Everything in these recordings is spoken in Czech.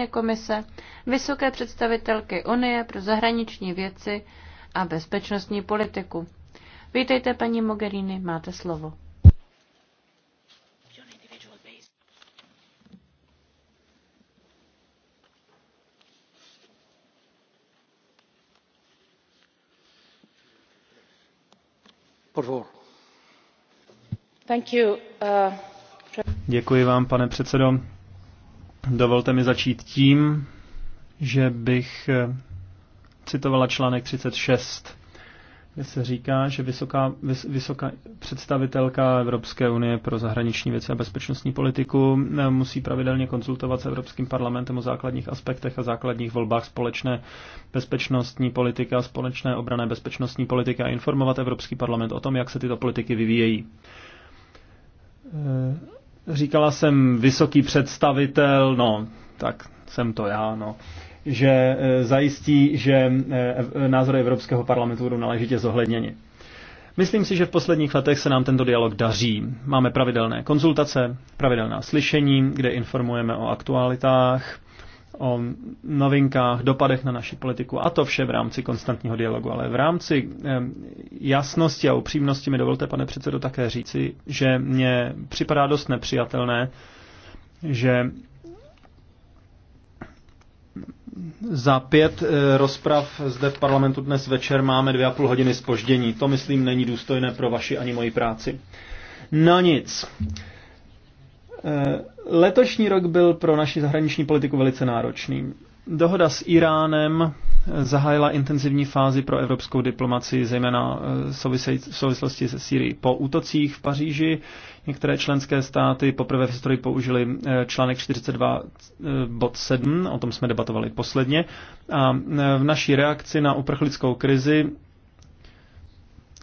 včetně komise vysoké představitelky Unie pro zahraniční věci a bezpečnostní politiku. Vítejte, paní Mogherini, máte slovo. Uh, Děkuji vám, pane předsedo. Dovolte mi začít tím, že bych eh, citovala článek 36, kde se říká, že vysoká, vys, vysoká představitelka Evropské unie pro zahraniční věci a bezpečnostní politiku eh, musí pravidelně konzultovat s Evropským parlamentem o základních aspektech a základních volbách společné bezpečnostní politiky a společné obrané bezpečnostní politiky a informovat Evropský parlament o tom, jak se tyto politiky vyvíjejí. E říkala jsem vysoký představitel, no, tak jsem to já, no, že e, zajistí, že e, e, názory Evropského parlamentu budou náležitě zohledněni. Myslím si, že v posledních letech se nám tento dialog daří. Máme pravidelné konzultace, pravidelná slyšení, kde informujeme o aktualitách, o novinkách, dopadech na naši politiku a to vše v rámci konstantního dialogu. Ale v rámci jasnosti a upřímnosti mi dovolte, pane předsedo, také říci, že mě připadá dost nepřijatelné, že za pět eh, rozprav zde v parlamentu dnes večer máme dvě a půl hodiny spoždění. To, myslím, není důstojné pro vaši ani moji práci. Na no nic. Eh, letošní rok byl pro naši zahraniční politiku velice náročný. Dohoda s Iránem eh, zahájila intenzivní fázi pro evropskou diplomaci, zejména eh, v souvislosti se Sýrií. Po útocích v Paříži některé členské státy poprvé v historii použili článek 42 bod 7, o tom jsme debatovali posledně, a v naší reakci na uprchlickou krizi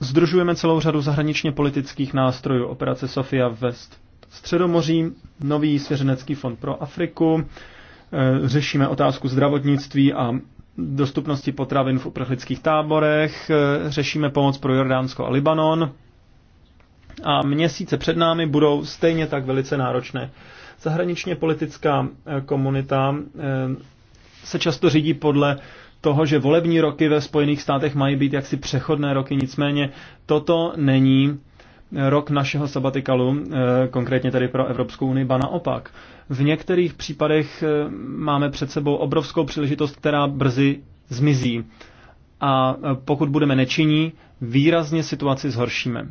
združujeme celou řadu zahraničně politických nástrojů operace Sofia West Středomoří, nový svěřenecký fond pro Afriku, e, řešíme otázku zdravotnictví a dostupnosti potravin v uprchlických táborech, e, řešíme pomoc pro Jordánsko a Libanon a měsíce před námi budou stejně tak velice náročné. Zahraničně politická e, komunita se často řídí podle toho, že volební roky ve Spojených státech mají být jaksi přechodné roky, nicméně toto není rok našeho sabatikalu, eh, konkrétně tedy pro Evropskou unii, ba naopak. V některých případech eh, máme před sebou obrovskou příležitost, která brzy zmizí. A eh, pokud budeme nečinní, výrazně situaci zhoršíme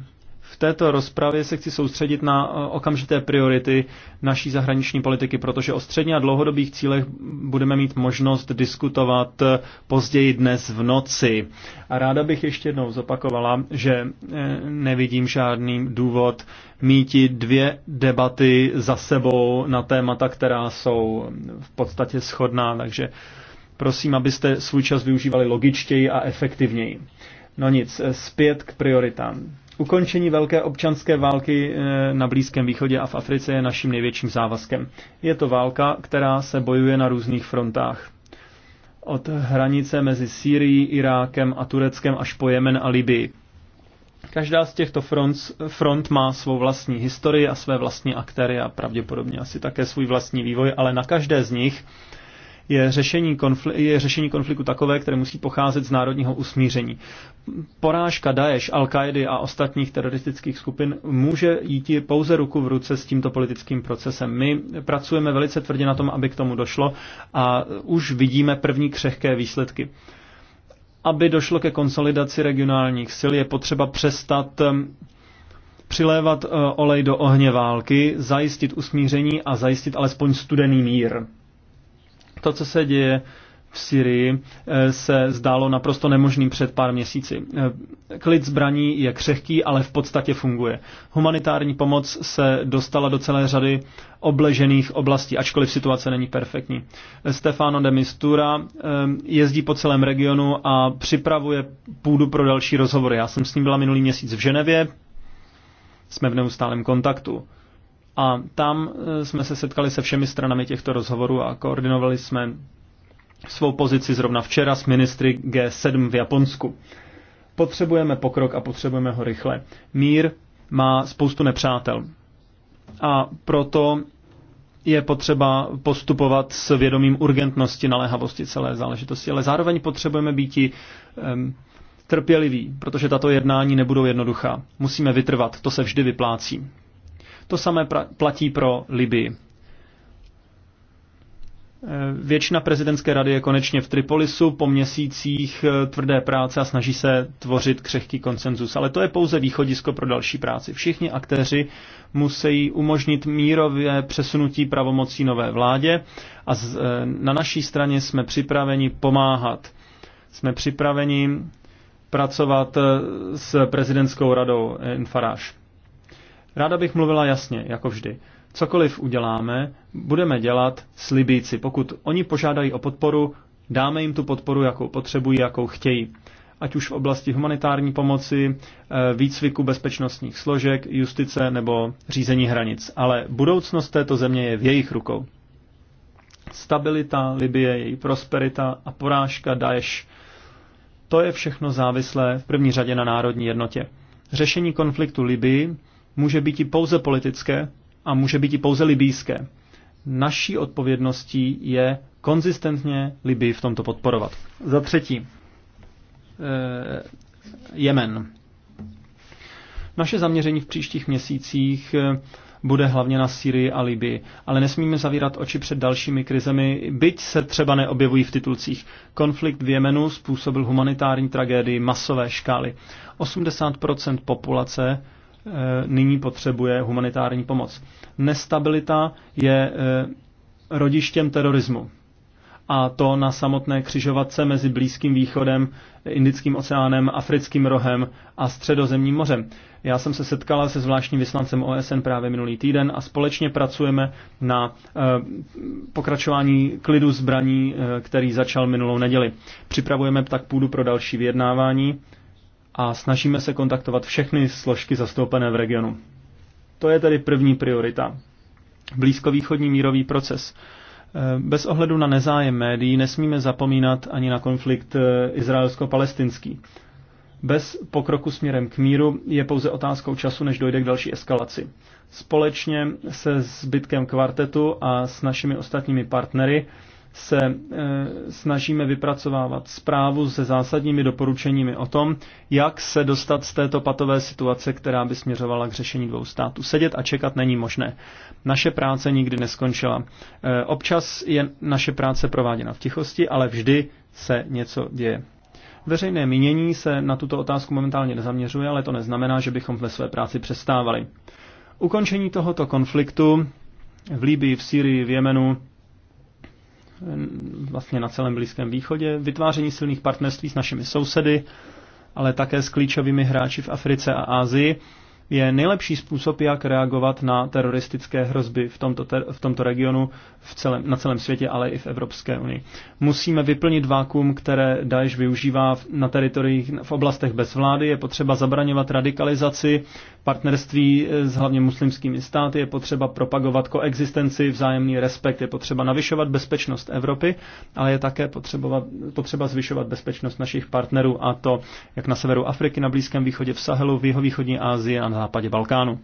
této rozpravě se chci soustředit na eh, okamžité priority naší zahraniční politiky, protože o středně a dlouhodobých cílech budeme mít možnost diskutovat eh, později dnes v noci. A ráda bych ještě jednou zopakovala, že eh, nevidím žádný důvod míti dvě debaty za sebou na témata, která jsou v podstatě shodná, takže prosím, abyste svůj čas využívali logičtěji a efektivněji. No nic, zpět k prioritám. Ukončení velké občanské války eh, na Blízkém východě a v Africe je naším největším závazkem. Je to válka, která se bojuje na různých frontách. Od hranice mezi Sýrií, Irákem a Tureckem až po Jemen a Libii. Každá z těchto front, front má svou vlastní historii a své vlastní aktéry a pravděpodobně asi také svůj vlastní vývoj, ale na každé z nich je řešení, konfl- je řešení konfliktu takové, které musí pocházet z národního usmíření. Porážka Daesh, al qaidi a ostatních teroristických skupin může jít pouze ruku v ruce s tímto politickým procesem. My pracujeme velice tvrdě na tom, aby k tomu došlo a už vidíme první křehké výsledky. Aby došlo ke konsolidaci regionálních sil, je potřeba přestat um, přilévat uh, olej do ohně války, zajistit usmíření a zajistit alespoň studený mír. To, co se děje v Syrii, eh, se zdálo naprosto nemožným před pár měsíci. Eh, klid zbraní je křehký, ale v podstatě funguje. Humanitární pomoc se dostala do celé řady obležených oblastí, ačkoliv situace není perfektní. Stefano de Mistura eh, jezdí po celém regionu a připravuje půdu pro další rozhovory. Já jsem s ním byla minulý měsíc v Ženevě, jsme v neustálém kontaktu. A tam e, jsme se setkali se všemi stranami těchto rozhovorů a koordinovali jsme svou pozici zrovna včera s ministry G7 v Japonsku. Potřebujeme pokrok a potřebujeme ho rychle. Mír má spoustu nepřátel. A proto je potřeba postupovat s vědomím urgentnosti, naléhavosti celé záležitosti, ale zároveň potřebujeme být i e, um, trpěliví, protože tato jednání nebudou jednoduchá. Musíme vytrvat, to se vždy vyplácí. To samé platí pro Libii. Eh, většina prezidentské rady je konečně v Tripolisu po měsících eh, tvrdé práce a snaží se tvořit křehký konsenzus. Ale to je pouze východisko pro další práci. Všichni aktéři musí umožnit mírové přesunutí pravomocí nové vládě a z, eh, na naší straně jsme připraveni pomáhat. Jsme připraveni pracovat s prezidentskou radou Infaráš. Ráda bych mluvila jasně, jako vždy. Cokoliv uděláme, budeme dělat slibíci. Pokud oni požádají o podporu, dáme jim tu podporu, jakou potřebují, jakou chtějí. Ať už v oblasti humanitární pomoci, eh, výcviku bezpečnostních složek, justice nebo řízení hranic. Ale budoucnost této země je v jejich rukou. Stabilita Libie, její prosperita a porážka Daesh to je všechno závislé v první řadě na národní jednotě. Řešení konfliktu Libii může být i pouze politické a může být i pouze libýské. Naší odpovědností je konzistentně Libii v tomto podporovat. Za třetí, eh, Jemen. Naše zaměření v příštích měsících eh, bude hlavně na Syrii a Libii, ale nesmíme zavírat oči před dalšími krizemi, byť se třeba neobjevují v titulcích. Konflikt v Jemenu způsobil humanitární tragédii masové škály. 80% populace Eh, nyní potřebuje humanitární pomoc. Nestabilita je eh, rodištěm terorismu. A to na samotné křižovatce mezi Blízkým východem, Indickým oceánem, Africkým rohem a Středozemním mořem. Já jsem se setkala se zvláštním vyslancem OSN právě minulý týden a společně pracujeme na eh, pokračování klidu zbraní, který začal minulou neděli. Připravujeme tak půdu pro další vyjednávání a snažíme se kontaktovat všechny složky zastoupené v regionu. To je tedy první priorita. Blízkovýchodní mírový proces. E, bez ohledu na nezájem médií nesmíme zapomínat ani na konflikt e, izraelsko-palestinský. Bez pokroku směrem k míru je pouze otázkou času, než dojde k další eskalaci. Společně se zbytkem kvartetu a s našimi ostatními partnery se eh, snažíme vypracovávat zprávu se zásadními doporučeními o tom, jak se dostat z této patové situace, která by směřovala k řešení dvou států. Sedět a čekat není možné. Naše práce nikdy neskončila. Eh, občas je naše práce prováděna v tichosti, ale vždy se něco děje. Veřejné mínění se na tuto otázku momentálně nezaměřuje, ale to neznamená, že bychom ve své práci přestávali. Ukončení tohoto konfliktu v Líbii, v Sýrii, v Jemenu vlastně na celém Blízkém východě, vytváření silných partnerství s našimi sousedy, ale také s klíčovými hráči v Africe a Ázii, je nejlepší způsob, jak reagovat na teroristické hrozby v tomto, ter- v tomto regionu, v celém, na celém světě, ale i v Evropské unii. Musíme vyplnit vákum, které Daesh využívá v, na teritoriích v oblastech bez vlády. Je potřeba zabraňovat radikalizaci partnerství s hlavně muslimskými státy, je potřeba propagovat koexistenci, vzájemný respekt, je potřeba navyšovat bezpečnost Evropy, ale je také potřeba, zvyšovat bezpečnost našich partnerů a to jak na severu Afriky, na Blízkém východě, v Sahelu, v jihovýchodní Asii a na západě Balkánu.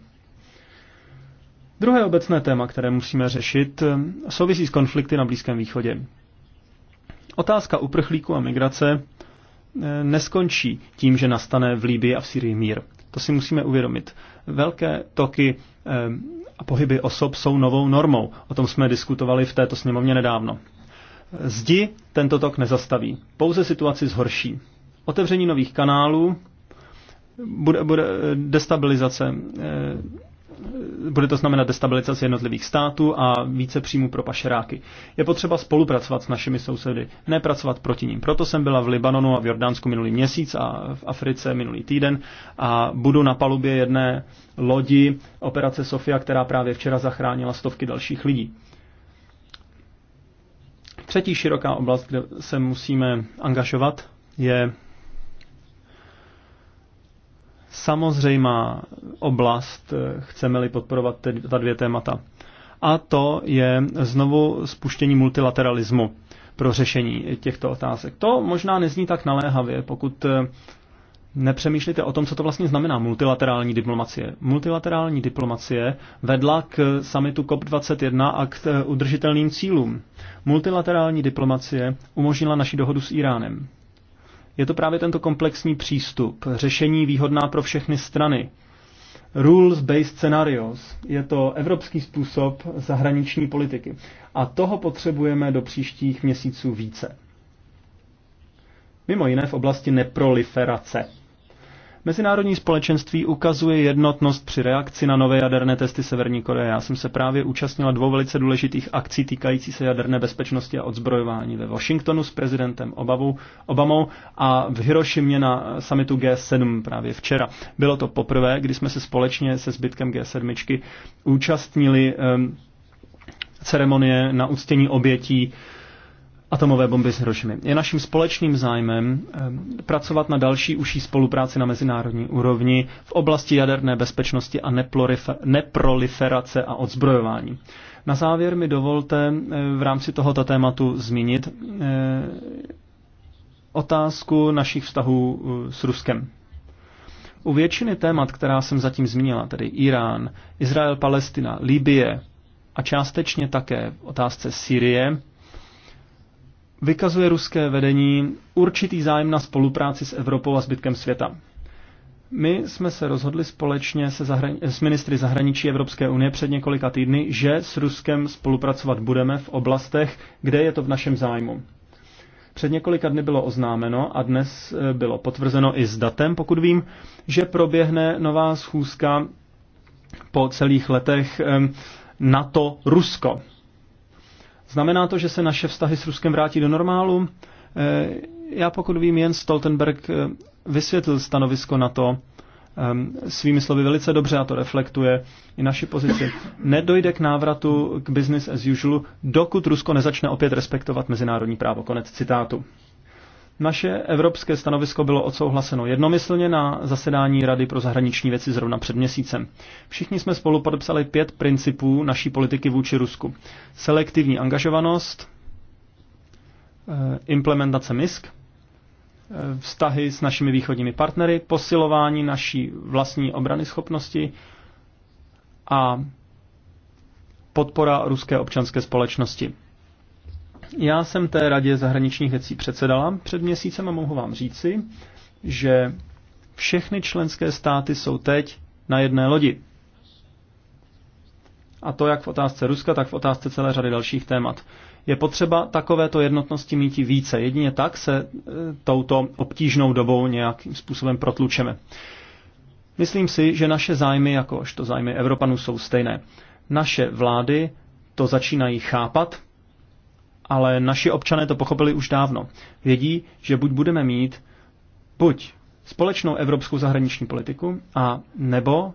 Druhé obecné téma, které musíme řešit, souvisí s konflikty na Blízkém východě. Otázka uprchlíků a migrace eh, neskončí tím, že nastane v Líbii a v Syrii mír. To si musíme uvědomit. Velké toky ehm, a pohyby osob jsou novou normou. O tom jsme diskutovali v této sněmovně nedávno. Zdi tento tok nezastaví, pouze situaci zhorší. Otevření nových kanálů, bude, bude eh, destabilizace eh, bude to znamenat destabilizaci jednotlivých států a více příjmů pro pašeráky. Je potřeba spolupracovat s našimi sousedy, ne pracovat proti ním. Proto jsem byla v Libanonu a v Jordánsku minulý měsíc a v Africe minulý týden a budu na palubě jedné lodi operace Sofia, která právě včera zachránila stovky dalších lidí. Třetí široká oblast, kde se musíme angažovat, je samozřejmá oblast, eh, chceme-li podporovat ta dvě témata. A to je znovu spuštění multilateralismu pro řešení těchto otázek. To možná nezní tak naléhavě, pokud eh, nepřemýšlíte o tom, co to vlastně znamená multilaterální diplomacie. Multilaterální diplomacie vedla k samitu COP21 a k eh, udržitelným cílům. Multilaterální diplomacie umožnila naši dohodu s Iránem je to právě tento komplexní přístup, řešení výhodná pro všechny strany. Rules-based scenarios je to evropský způsob zahraniční politiky. A toho potřebujeme do příštích měsíců více. Mimo jiné v oblasti neproliferace. Mezinárodní společenství ukazuje jednotnost při reakci na nové jaderné testy Severní Koreje. Já jsem se právě účastnila dvou velice důležitých akcí týkající se jaderné bezpečnosti a odzbrojování ve Washingtonu s prezidentem Obavou, Obamou a v Hirošimě na summitu G7 právě včera. Bylo to poprvé, kdy jsme se společně se zbytkem G7 účastnili um, ceremonie na uctění obětí atomové bomby s Hrošimi. Je naším společným zájmem eh, pracovat na další užší spolupráci na mezinárodní úrovni v oblasti jaderné bezpečnosti a neproliferace a odzbrojování. Na závěr mi dovolte eh, v rámci tohoto tématu zmínit eh, otázku našich vztahů s Ruskem. U většiny témat, která jsem zatím zmínila, tedy Irán, Izrael, Palestina, Libie a částečně také v otázce Syrie, vykazuje ruské vedení určitý zájem na spolupráci s Evropou a zbytkem světa. My jsme se rozhodli společně se zahrani- s ministry zahraničí Evropské unie před několika týdny, že s Ruskem spolupracovat budeme v oblastech, kde je to v našem zájmu. Před několika dny bylo oznámeno a dnes e, bylo potvrzeno i s datem, pokud vím, že proběhne nová schůzka po celých letech NATO-Rusko. Znamená to, že se naše vztahy s Ruskem vrátí do normálu? Eh, já pokud vím, Jens Stoltenberg eh, vysvětlil stanovisko na to ehm, svými slovy velice dobře a to reflektuje i naši pozici. Nedojde k návratu k business as usual, dokud Rusko nezačne opět respektovat mezinárodní právo. Konec citátu. Naše evropské stanovisko bylo odsouhlaseno jednomyslně na zasedání Rady pro zahraniční věci zrovna před měsícem. Všichni jsme spolu podepsali pět principů naší politiky vůči Rusku. Selektivní angažovanost, eh, implementace MISK, eh, vztahy s našimi východními partnery, posilování naší vlastní obrany schopnosti a podpora ruské občanské společnosti. Já jsem té radě zahraničních věcí předsedala před měsícem a mohu vám říci, že všechny členské státy jsou teď na jedné lodi. A to jak v otázce Ruska, tak v otázce celé řady dalších témat. Je potřeba takovéto jednotnosti mít více. Jedině tak se e, touto obtížnou dobou nějakým způsobem protlučeme. Myslím si, že naše zájmy, jakožto zájmy Evropanů, jsou stejné. Naše vlády to začínají chápat ale naši občané to pochopili už dávno. Vědí, že buď budeme mít buď společnou evropskou zahraniční politiku a nebo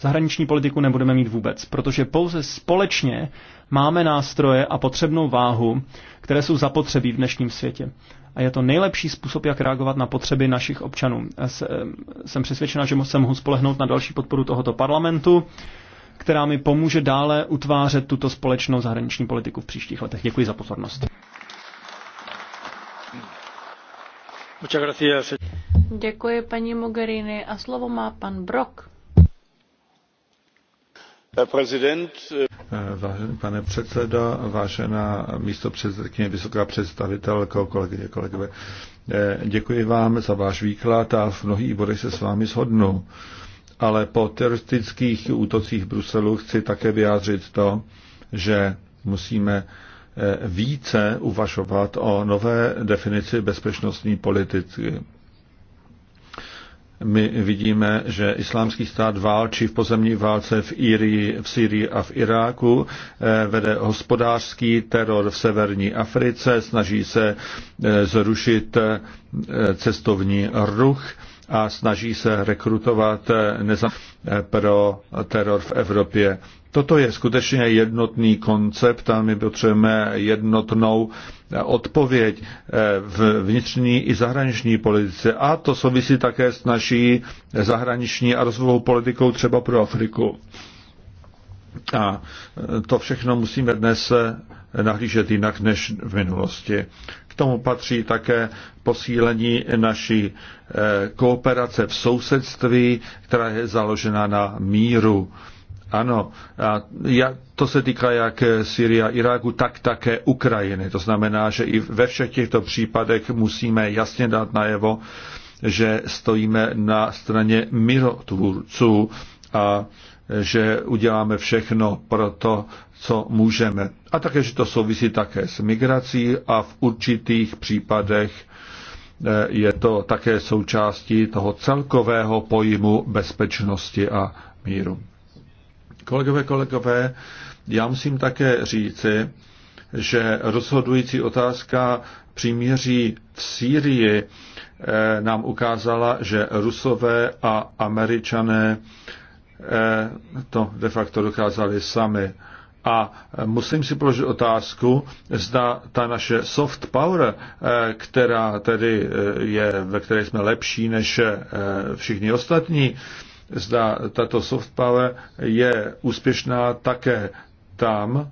zahraniční politiku nebudeme mít vůbec, protože pouze společně máme nástroje a potřebnou váhu, které jsou zapotřebí v dnešním světě. A je to nejlepší způsob, jak reagovat na potřeby našich občanů. Eh, jsem přesvědčena, že se mohu spolehnout na další podporu tohoto parlamentu která mi pomůže dále utvářet tuto společnou zahraniční politiku v příštích letech. Děkuji za pozornost. Děkuji paní Mogherini a slovo má pan Brok. Äh, Vážený pane předseda, vážená místo předsedkyně, vysoká představitelko, kolegyně, kolegové, eh, děkuji vám za váš výklad a v mnohých bodech se s vámi shodnu ale po teroristických útocích v Bruselu chci také vyjádřit to, že musíme eh, více uvažovat o nové definici bezpečnostní politiky. My vidíme, že islámský stát válčí v pozemní válce v Írii, v Syrii a v Iráku, eh, vede hospodářský teror v severní Africe, snaží se eh, zrušit cestovní ruch, a snaží se rekrutovat eh, neza eh, pro teror v Evropě. Toto je skutečně jednotný koncept a my potřebujeme jednotnou eh, odpověď v vnitřní i zahraniční politice. A to souvisí také s naší zahraniční a rozvojovou politikou třeba pro Afriku. A to všechno musíme dnes nahlížet jinak než v minulosti. K tomu patří také posílení naší eh, kooperace v sousedství, která je založena na míru. Ano, a to se týká jak Syrii, a Iráku, tak také Ukrajiny. To znamená, že i ve všech těchto případech musíme jasně dát najevo, že stojíme na straně mirotvůrců a že uděláme všechno pro to, co můžeme. A také, že to souvisí také s migrací a v určitých případech eh, je to také součástí toho celkového pojmu bezpečnosti a míru. Kolegové, kolegové, já musím také říci, že rozhodující otázka příměří v Sýrii eh, nám ukázala, že Rusové a Američané Eh, to de facto dokázali sami. A musím si položit otázku, zda ta naše soft power, eh, která tedy eh, je, ve které jsme lepší než všichni ostatní, zda tato soft power je úspěšná také tam,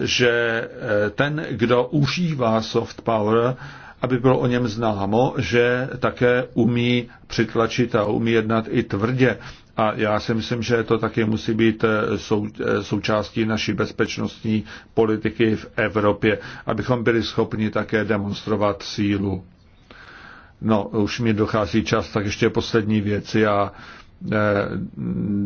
že ten, kdo užívá soft power, aby bylo o něm známo, že také umí přitlačit a umí jednat i tvrdě. A já si myslím, že to taky musí být eh, sou, eh, součástí naší bezpečnostní politiky v Evropě, abychom byli schopni také demonstrovat sílu. No, už mi dochází čas, tak ještě poslední věci. Já Eh,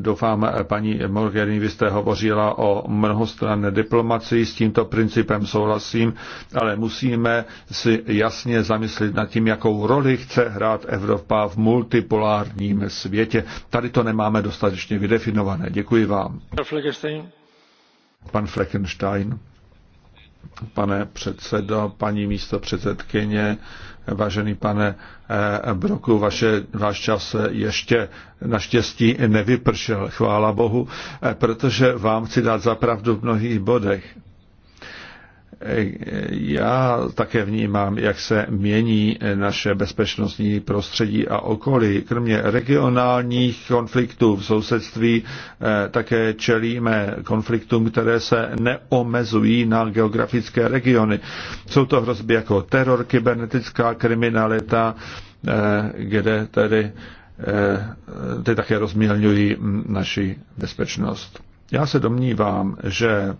doufám, eh, paní Morgerini, vy jste hovořila o mnohostranné diplomacii, s tímto principem souhlasím, ale musíme si jasně zamyslet nad tím, jakou roli chce hrát Evropa v multipolárním světě. Tady to nemáme dostatečně vydefinované. Děkuji vám. Pan Fleckenstein. Pane předsedo, paní místo předsedkyně, Vážený pane eh, Broku, vaše, váš čas eh, ještě naštěstí nevypršel, chvála Bohu, eh, protože vám chci dát zapravdu v mnohých bodech. Já také vnímám, jak se mění naše bezpečnostní prostředí a okolí. Kromě regionálních konfliktů v sousedství eh, také čelíme konfliktům, které se neomezují na geografické regiony. Jsou to hrozby jako teror, kybernetická kriminalita, eh, kde tedy eh, ty také rozmělňují naši bezpečnost. Já se domnívám, že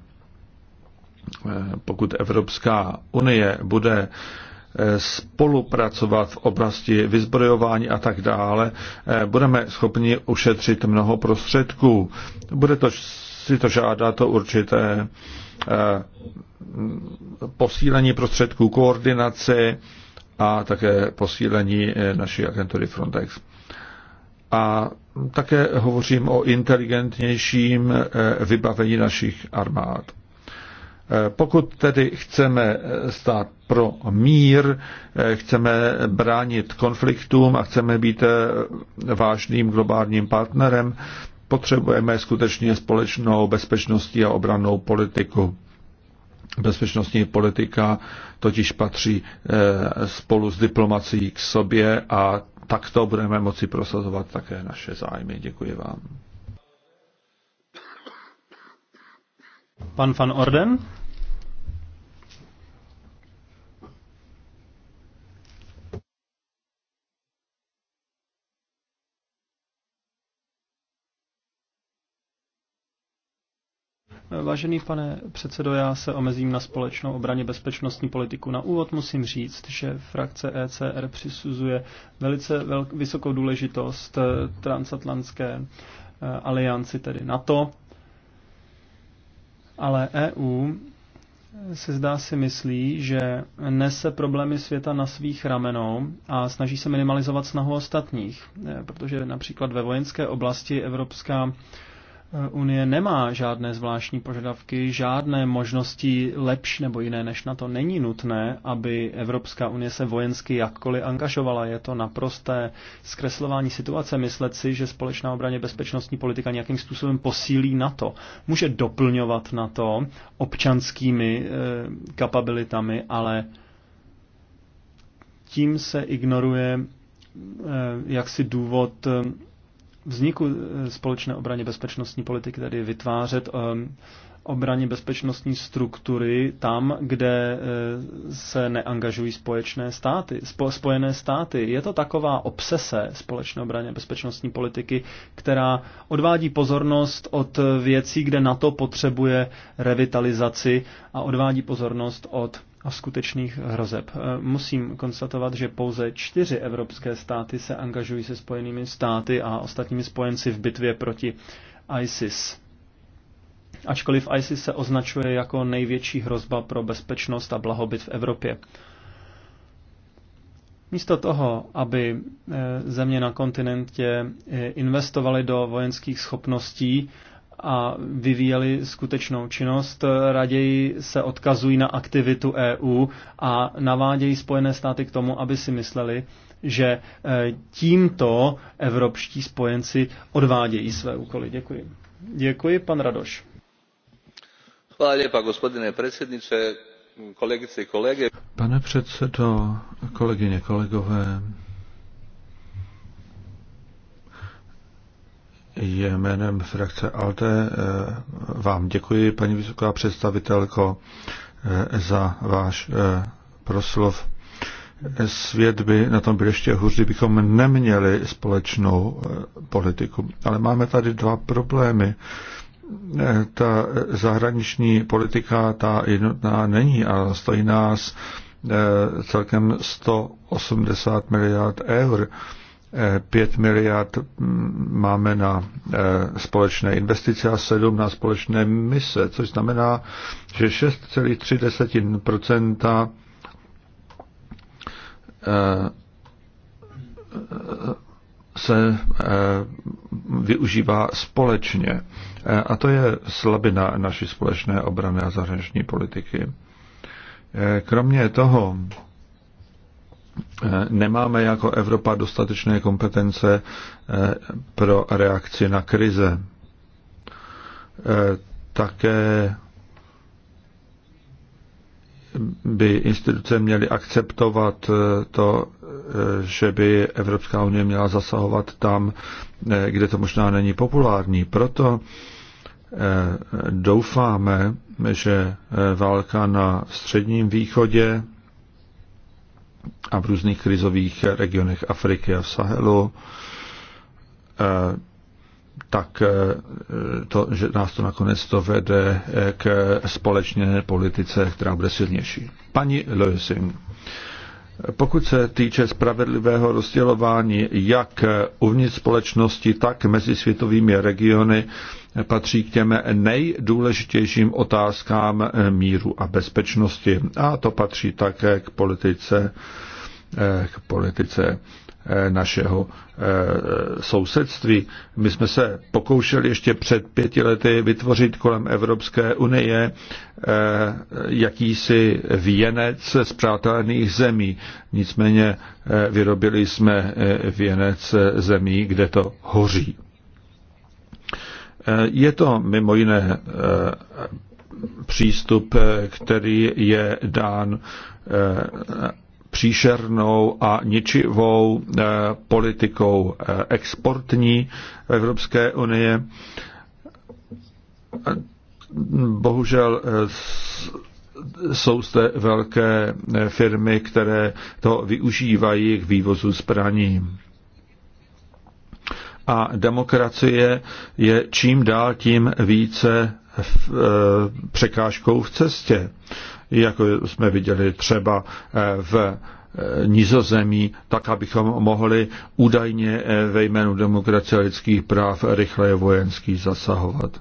Eh, pokud Evropská unie bude eh, spolupracovat v oblasti vyzbrojování a tak dále, eh, budeme schopni ušetřit mnoho prostředků. Bude to si to žádá to určité posílení prostředků koordinaci a také posílení naší agentury Frontex. A také hovořím o inteligentnějším vybavení našich armád. Eh, pokud tedy chceme eh, stát pro mír, eh, chceme bránit konfliktům a chceme být vážným globálním partnerem, potřebujeme skutečně společnou bezpečnostní a obranou politiku. Bezpečnostní politika totiž patří spolu s diplomací k sobě a takto budeme moci prosazovat také naše zájmy. Děkuji vám. Pan van Orden. Vážený pane předsedo, já se omezím na společnou obraně bezpečnostní politiku. Na úvod musím říct, že frakce ECR přisuzuje velice velk, vysokou důležitost eh, transatlantské eh, alianci, tedy NATO, ale EU se zdá si myslí, že nese problémy světa na svých ramenou a snaží se minimalizovat snahu ostatních, eh, protože například ve vojenské oblasti Evropská Eh, unie nemá žádné zvláštní požadavky, žádné možnosti lepší nebo jiné než na to. Není nutné, aby Evropská unie se vojensky jakkoliv angažovala. Je to naprosté zkreslování situace. Myslet si, že společná obraně bezpečnostní politika nějakým způsobem posílí NATO. Může doplňovat NATO občanskými e, kapabilitami, ale tím se ignoruje e, jaksi důvod e, vzniku eh, společné obraně bezpečnostní politiky, tedy vytvářet ehm, obraně bezpečnostní struktury tam, kde eh, se neangažují společné státy, spo, spojené státy. Je to taková obsese společné obraně bezpečnostní politiky, která odvádí pozornost od věcí, kde NATO potřebuje revitalizaci a odvádí pozornost od skutečných hrozeb. Eh, musím konstatovat, že pouze čtyři evropské státy se angažují se spojenými státy a ostatními spojenci v bitvě proti ISIS ačkoliv ISIS se označuje jako největší hrozba pro bezpečnost a blahobyt v Evropě. Místo toho, aby eh, země na kontinentě eh, investovaly do vojenských schopností a vyvíjeli skutečnou činnost, raději se odkazují na aktivitu EU a navádějí Spojené státy k tomu, aby si mysleli, že eh, tímto evropští spojenci odvádějí své úkoly. Děkuji. Děkuji, pan Radoš pane předsedo kolegyně kolegové jménem frakce ALDE eh, vám děkuji, paní vysoká představitelko, eh, za váš eh, proslov. Svět by na tom byl ještě hůř, kdybychom neměli společnou politiku. Ale máme tady dva problémy ta zahraniční politika, ta jednotná není a stojí nás eh, celkem 180 miliard eur. 5 eh, miliard mm, máme na eh, společné investice a 7 na společné mise, což znamená, že 6,3 se eh, využívá společně. Eh, a to je slabina naší společné obrany a zahraniční politiky. Eh, kromě toho nemáme jako Evropa dostatečné kompetence pro reakci na krize. Také by instituce měly akceptovat to, že by Evropská unie měla zasahovat tam, eh, kde to možná není populární. Proto eh, doufáme, že eh, válka na Středním východě a v různých krizových regionech Afriky a v Sahelu, tak to, že nás to nakonec to vede k společné politice, která bude silnější. Pani Lösing, pokud se týče spravedlivého rozdělování jak uvnitř společnosti, tak mezi světovými regiony, patří k těm nejdůležitějším otázkám míru a bezpečnosti. A to patří také k politice, eh, k politice našeho eh, sousedství. My jsme se pokoušeli ještě před pěti lety vytvořit kolem Evropské unie eh, jakýsi věnec z přátelných zemí. Nicméně eh, vyrobili jsme věnec zemí, kde to hoří. Je to mimo jiné přístup, který je dán příšernou a ničivou eh, politikou eh, exportní Evropské unie. Bohužel eh, jsou zde velké firmy, které to využívají k vývozu zbraní. A demokracie je čím dál tím více v, e, překážkou v cestě. Jako jsme viděli třeba eh, v eh, nizozemí, tak abychom mohli údajně ve jménu demokracie a lidských práv rychle vojenský zasahovat.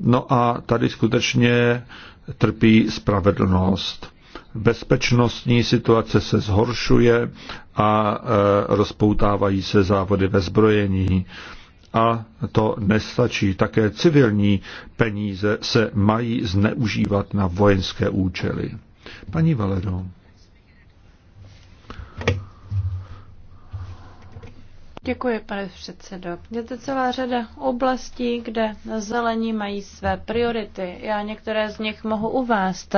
No a tady skutečně trpí spravedlnost. Bezpečnostní situace se zhoršuje a rozpoutávají se závody ve zbrojení a to nestačí. Také civilní peníze se mají zneužívat na vojenské účely. Paní Valero. Děkuji, pane předsedo. Je to celá řada oblastí, kde zelení mají své priority. Já některé z nich mohu uvést.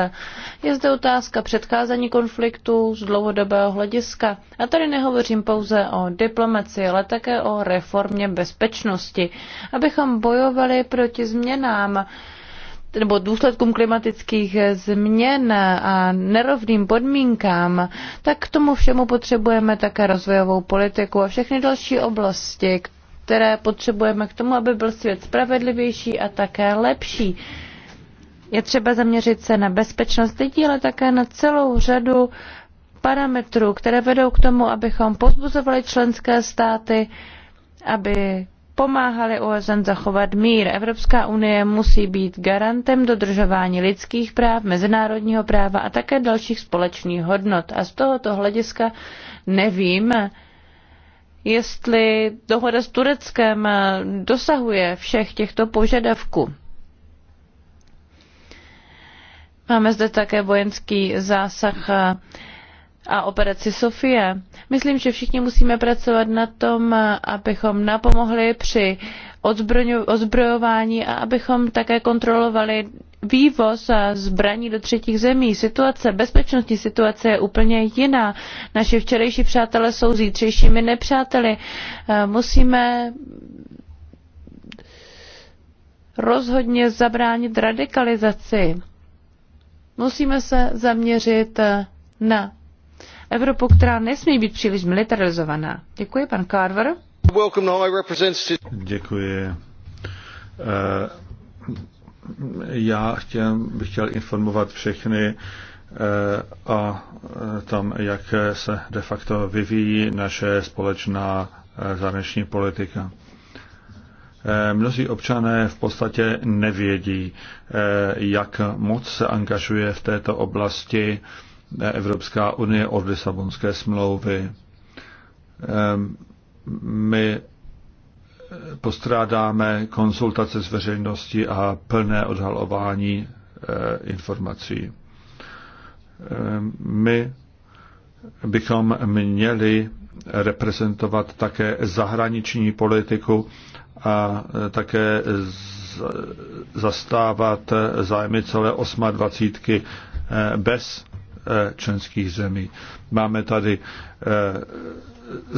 Je zde otázka předcházení konfliktů z dlouhodobého hlediska. A tady nehovořím pouze o diplomaci, ale také o reformě bezpečnosti, abychom bojovali proti změnám, nebo důsledkům klimatických změn a nerovným podmínkám, tak k tomu všemu potřebujeme také rozvojovou politiku a všechny další oblasti, které potřebujeme k tomu, aby byl svět spravedlivější a také lepší. Je třeba zaměřit se na bezpečnost lidí, ale také na celou řadu parametrů, které vedou k tomu, abychom pozbuzovali členské státy, aby pomáhali OSN zachovat mír. Evropská unie musí být garantem dodržování lidských práv, mezinárodního práva a také dalších společných hodnot. A z tohoto hlediska nevím, jestli dohoda s Tureckem dosahuje všech těchto požadavků. Máme zde také vojenský zásah a operaci Sofie. Myslím, že všichni musíme pracovat na tom, abychom napomohli při ozbrojování a abychom také kontrolovali vývoz zbraní do třetích zemí. Situace, bezpečnostní situace je úplně jiná. Naši včerejší přátelé jsou zítřejšími nepřáteli. Eh, musíme rozhodně zabránit radikalizaci. Musíme se zaměřit eh, na Evropu, která nesmí být příliš militarizovaná. Děkuji, pan Carver. Děkuji. Eh, já chtěl, bych chtěl informovat všechny o eh, eh, tom, jak se de facto vyvíjí naše společná zahraniční politika mnozí občané v podstatě nevědí, jak moc se angažuje v této oblasti Evropská unie od Lisabonské smlouvy. My postrádáme konsultace s veřejností a plné odhalování eh, informací. My bychom měli reprezentovat také zahraniční politiku a také zastávat zájmy celé 28 eh, bez Eh, členských zemí. Máme tady eh,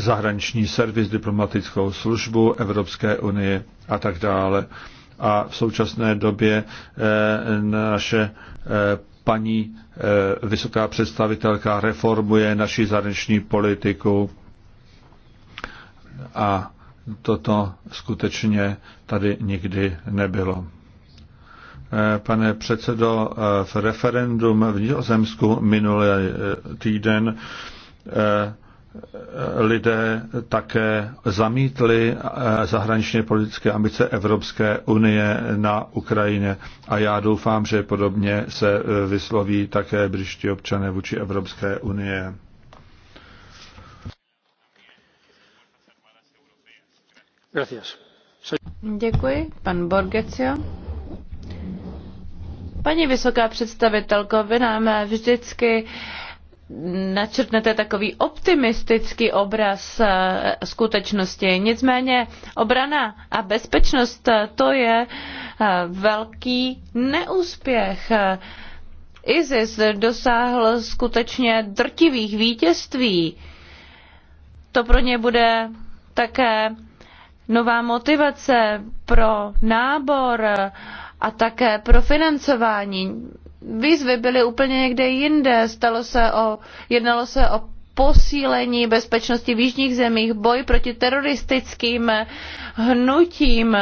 zahraniční servis, diplomatickou službu Evropské unie a tak dále. A v současné době eh, naše paní vysoká představitelka reformuje naši zahraniční politiku a toto skutečně tady nikdy nebylo. Eh, pane předsedo, eh, v referendum v Nizozemsku minulý eh, týden lidé také zamítli zahraničně politické ambice Evropské unie na Ukrajině. A já doufám, že podobně se vysloví také britští občané vůči Evropské unie. Děkuji. Pan Borgecio. Paní vysoká představitelko, vy nám vždycky načrtnete takový optimistický obraz eh, skutečnosti. Nicméně obrana a bezpečnost eh, to je eh, velký neúspěch. ISIS dosáhl skutečně drtivých vítězství. To pro ně bude také nová motivace pro nábor uh, a také pro financování. Výzvy byly úplně někde jinde. Stalo se o, jednalo se o posílení bezpečnosti v jižních zemích, boj proti teroristickým hnutím.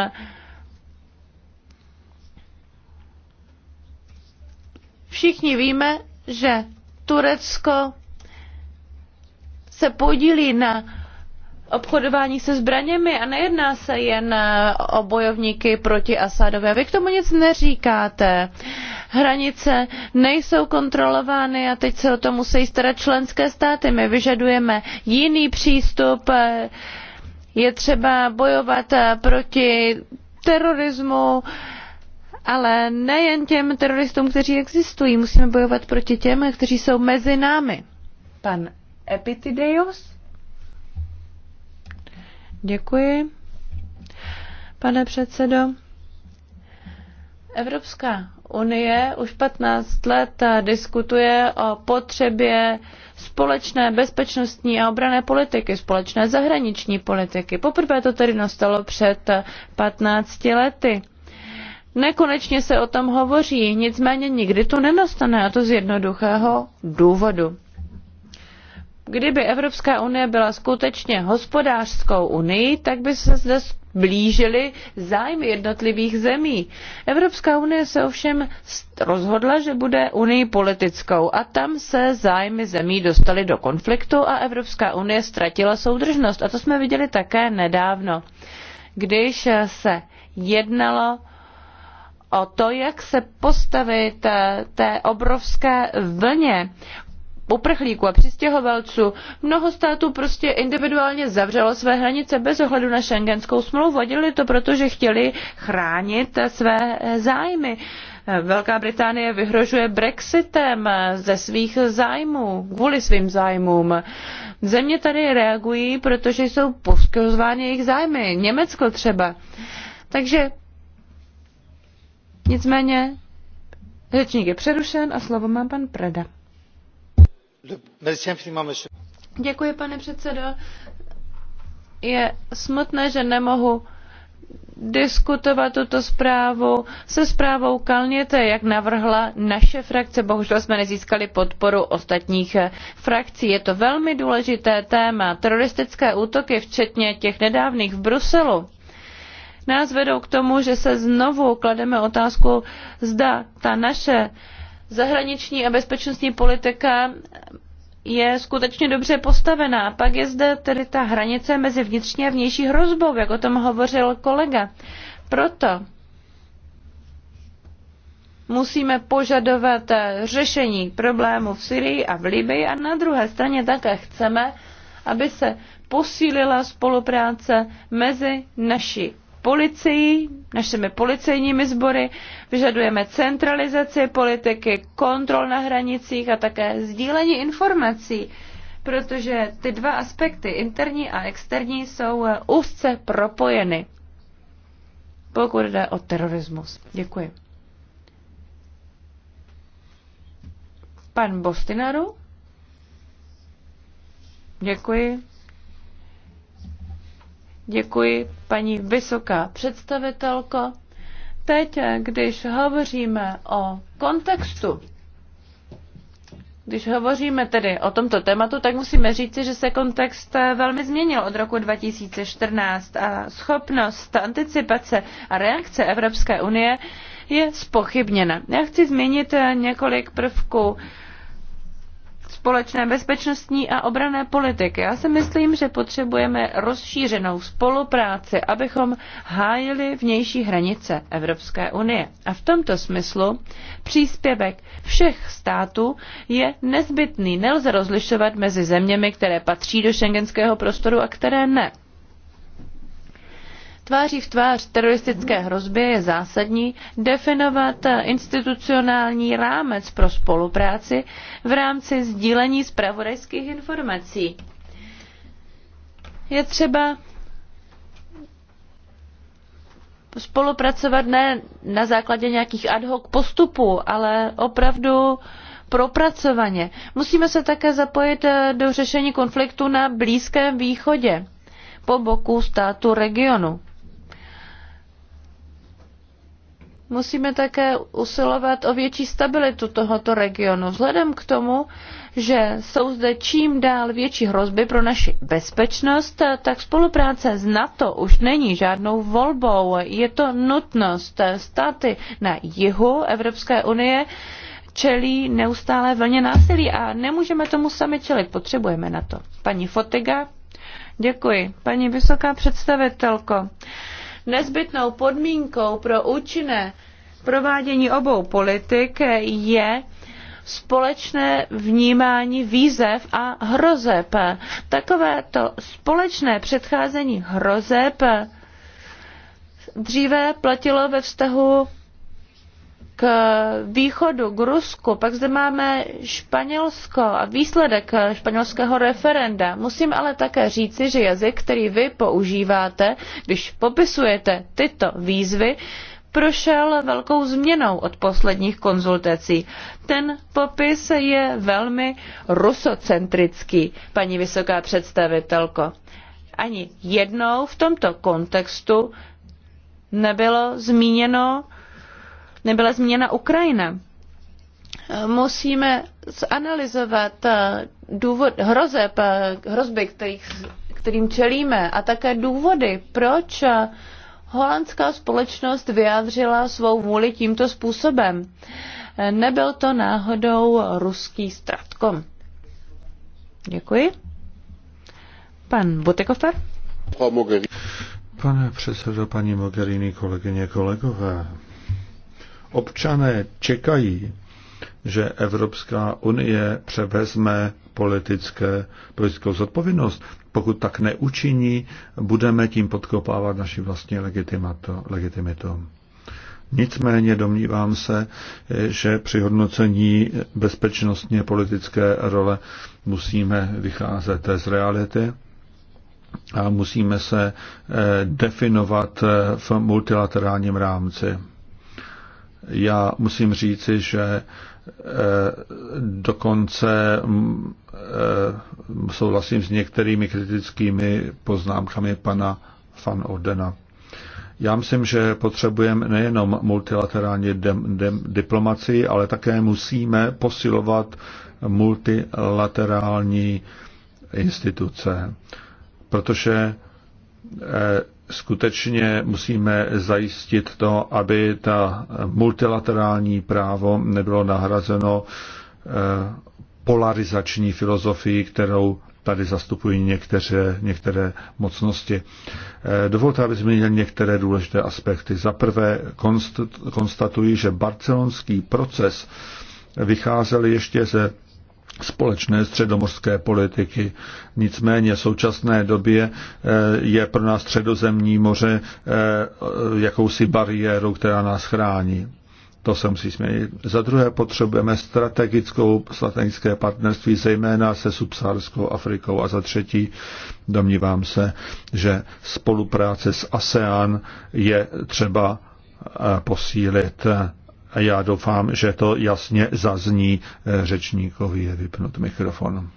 Všichni víme, že Turecko se podílí na obchodování se zbraněmi a nejedná se jen eh, o bojovníky proti Asadovi. A vy k tomu nic neříkáte. Hranice nejsou kontrolovány a teď se o to musí starat členské státy. My vyžadujeme jiný přístup. Je třeba bojovat eh, proti terorismu, ale nejen těm teroristům, kteří existují. Musíme bojovat proti těm, kteří jsou mezi námi. Pan Epitideios? Děkuji. Pane předsedo, Evropská unie už 15 let diskutuje o potřebě společné bezpečnostní a obrané politiky, společné zahraniční politiky. Poprvé to tedy nastalo před 15 lety. Nekonečně se o tom hovoří, nicméně nikdy to nenastane a to z jednoduchého důvodu. Kdyby Evropská unie byla skutečně hospodářskou unii, tak by se zde blížily zájmy jednotlivých zemí. Evropská unie se ovšem rozhodla, že bude unii politickou a tam se zájmy zemí dostaly do konfliktu a Evropská unie ztratila soudržnost. A to jsme viděli také nedávno, když se jednalo o to, jak se postavit té obrovské vlně uprchlíků a přistěhovalců. Mnoho států prostě individuálně zavřelo své hranice bez ohledu na šengenskou smlouvu a dělali to, protože chtěli chránit své zájmy. Velká Británie vyhrožuje Brexitem ze svých zájmů, kvůli svým zájmům. Země tady reagují, protože jsou poškozovány jejich zájmy. Německo třeba. Takže nicméně řečník je přerušen a slovo má pan Preda. Děkuji, pane předsedo. Je smutné, že nemohu diskutovat tuto zprávu se zprávou Kalněte, jak navrhla naše frakce. Bohužel jsme nezískali podporu ostatních frakcí. Je to velmi důležité téma. Teroristické útoky, včetně těch nedávných v Bruselu, nás vedou k tomu, že se znovu klademe otázku, zda ta naše zahraniční a bezpečnostní politika je skutečně dobře postavená. Pak je zde tedy ta hranice mezi vnitřní a vnější hrozbou, jak o tom hovořil kolega. Proto musíme požadovat řešení problémů v Syrii a v Libii a na druhé straně také chceme, aby se posílila spolupráce mezi naší policií, našimi policejními sbory, vyžadujeme centralizaci politiky, kontrol na hranicích a také sdílení informací, protože ty dva aspekty, interní a externí, jsou eh, úzce propojeny, pokud jde o terorismus. Děkuji. Pan Bostinaru? Děkuji. Děkuji, paní vysoká představitelko. Teď, když hovoříme o kontextu, když hovoříme tedy o tomto tématu, tak musíme říci, že se kontext velmi změnil od roku 2014 a schopnost anticipace a reakce Evropské unie je spochybněna. Já chci zmínit několik prvků společné bezpečnostní a obrané politiky. Já si myslím, že potřebujeme rozšířenou spolupráci, abychom hájili vnější hranice Evropské unie. A v tomto smyslu příspěvek všech států je nezbytný. Nelze rozlišovat mezi zeměmi, které patří do šengenského prostoru a které ne tváří v tvář teroristické hrozbě je zásadní definovat institucionální rámec pro spolupráci v rámci sdílení zpravodajských informací. Je třeba spolupracovat ne na základě nějakých ad hoc postupů, ale opravdu propracovaně. Musíme se také zapojit eh, do řešení konfliktu na Blízkém východě po boku státu regionu. musíme také usilovat o větší stabilitu tohoto regionu, vzhledem k tomu, že jsou zde čím dál větší hrozby pro naši bezpečnost, tak spolupráce s NATO už není žádnou volbou. Je to nutnost. Státy na jihu Evropské unie čelí neustále vlně násilí a nemůžeme tomu sami čelit. Potřebujeme na to. Paní Fotiga, děkuji. Paní vysoká představitelko, Nezbytnou podmínkou pro účinné provádění obou politik je společné vnímání výzev a hrozeb. Takovéto společné předcházení hrozeb dříve platilo ve vztahu k východu, k Rusku, pak zde máme Španělsko a výsledek španělského referenda. Musím ale také říci, že jazyk, který vy používáte, když popisujete tyto výzvy, prošel velkou změnou od posledních konzultací. Ten popis je velmi rusocentrický, paní vysoká představitelko. Ani jednou v tomto kontextu nebylo zmíněno nebyla zmíněna Ukrajina. Musíme zanalizovat eh, důvod, hrozeb, eh, hrozby, kterých, kterým čelíme a také důvody, proč eh, holandská společnost vyjádřila svou vůli tímto způsobem. Nebyl to náhodou ruský stratkom. Děkuji. Pan Butekofer. Pane předsedo, paní Mogherini, kolegyně, kolegové, Občané čekají, že Evropská unie převezme politické, politickou zodpovědnost. Pokud tak neučiní, budeme tím podkopávat naši vlastní legitimitu. Nicméně domnívám se, že při hodnocení bezpečnostně politické role musíme vycházet z reality a musíme se eh, definovat v multilaterálním rámci. Já musím říci, že eh, dokonce mm, eh, souhlasím s některými kritickými poznámkami pana Van Ordena. Já myslím, že potřebujeme nejenom multilaterální dem, dem, diplomacii, ale také musíme posilovat multilaterální instituce, protože eh, skutečně musíme zajistit to, aby ta multilaterální právo nebylo nahrazeno eh, polarizační filozofii, kterou tady zastupují některé, některé mocnosti. Eh, dovolte, aby zmínil některé důležité aspekty. Za prvé konstatuji, že barcelonský proces vycházel ještě ze společné středomorské politiky. Nicméně v současné době eh, je pro nás středozemní moře eh, jakousi bariérou, která nás chrání. To se musí změnit. Za druhé potřebujeme strategickou strategické partnerství, zejména se subsaharskou Afrikou. A za třetí domnívám se, že spolupráce s ASEAN je třeba eh, posílit a já doufám, že to jasně zazní eh, řečníkovi je vypnut mikrofon.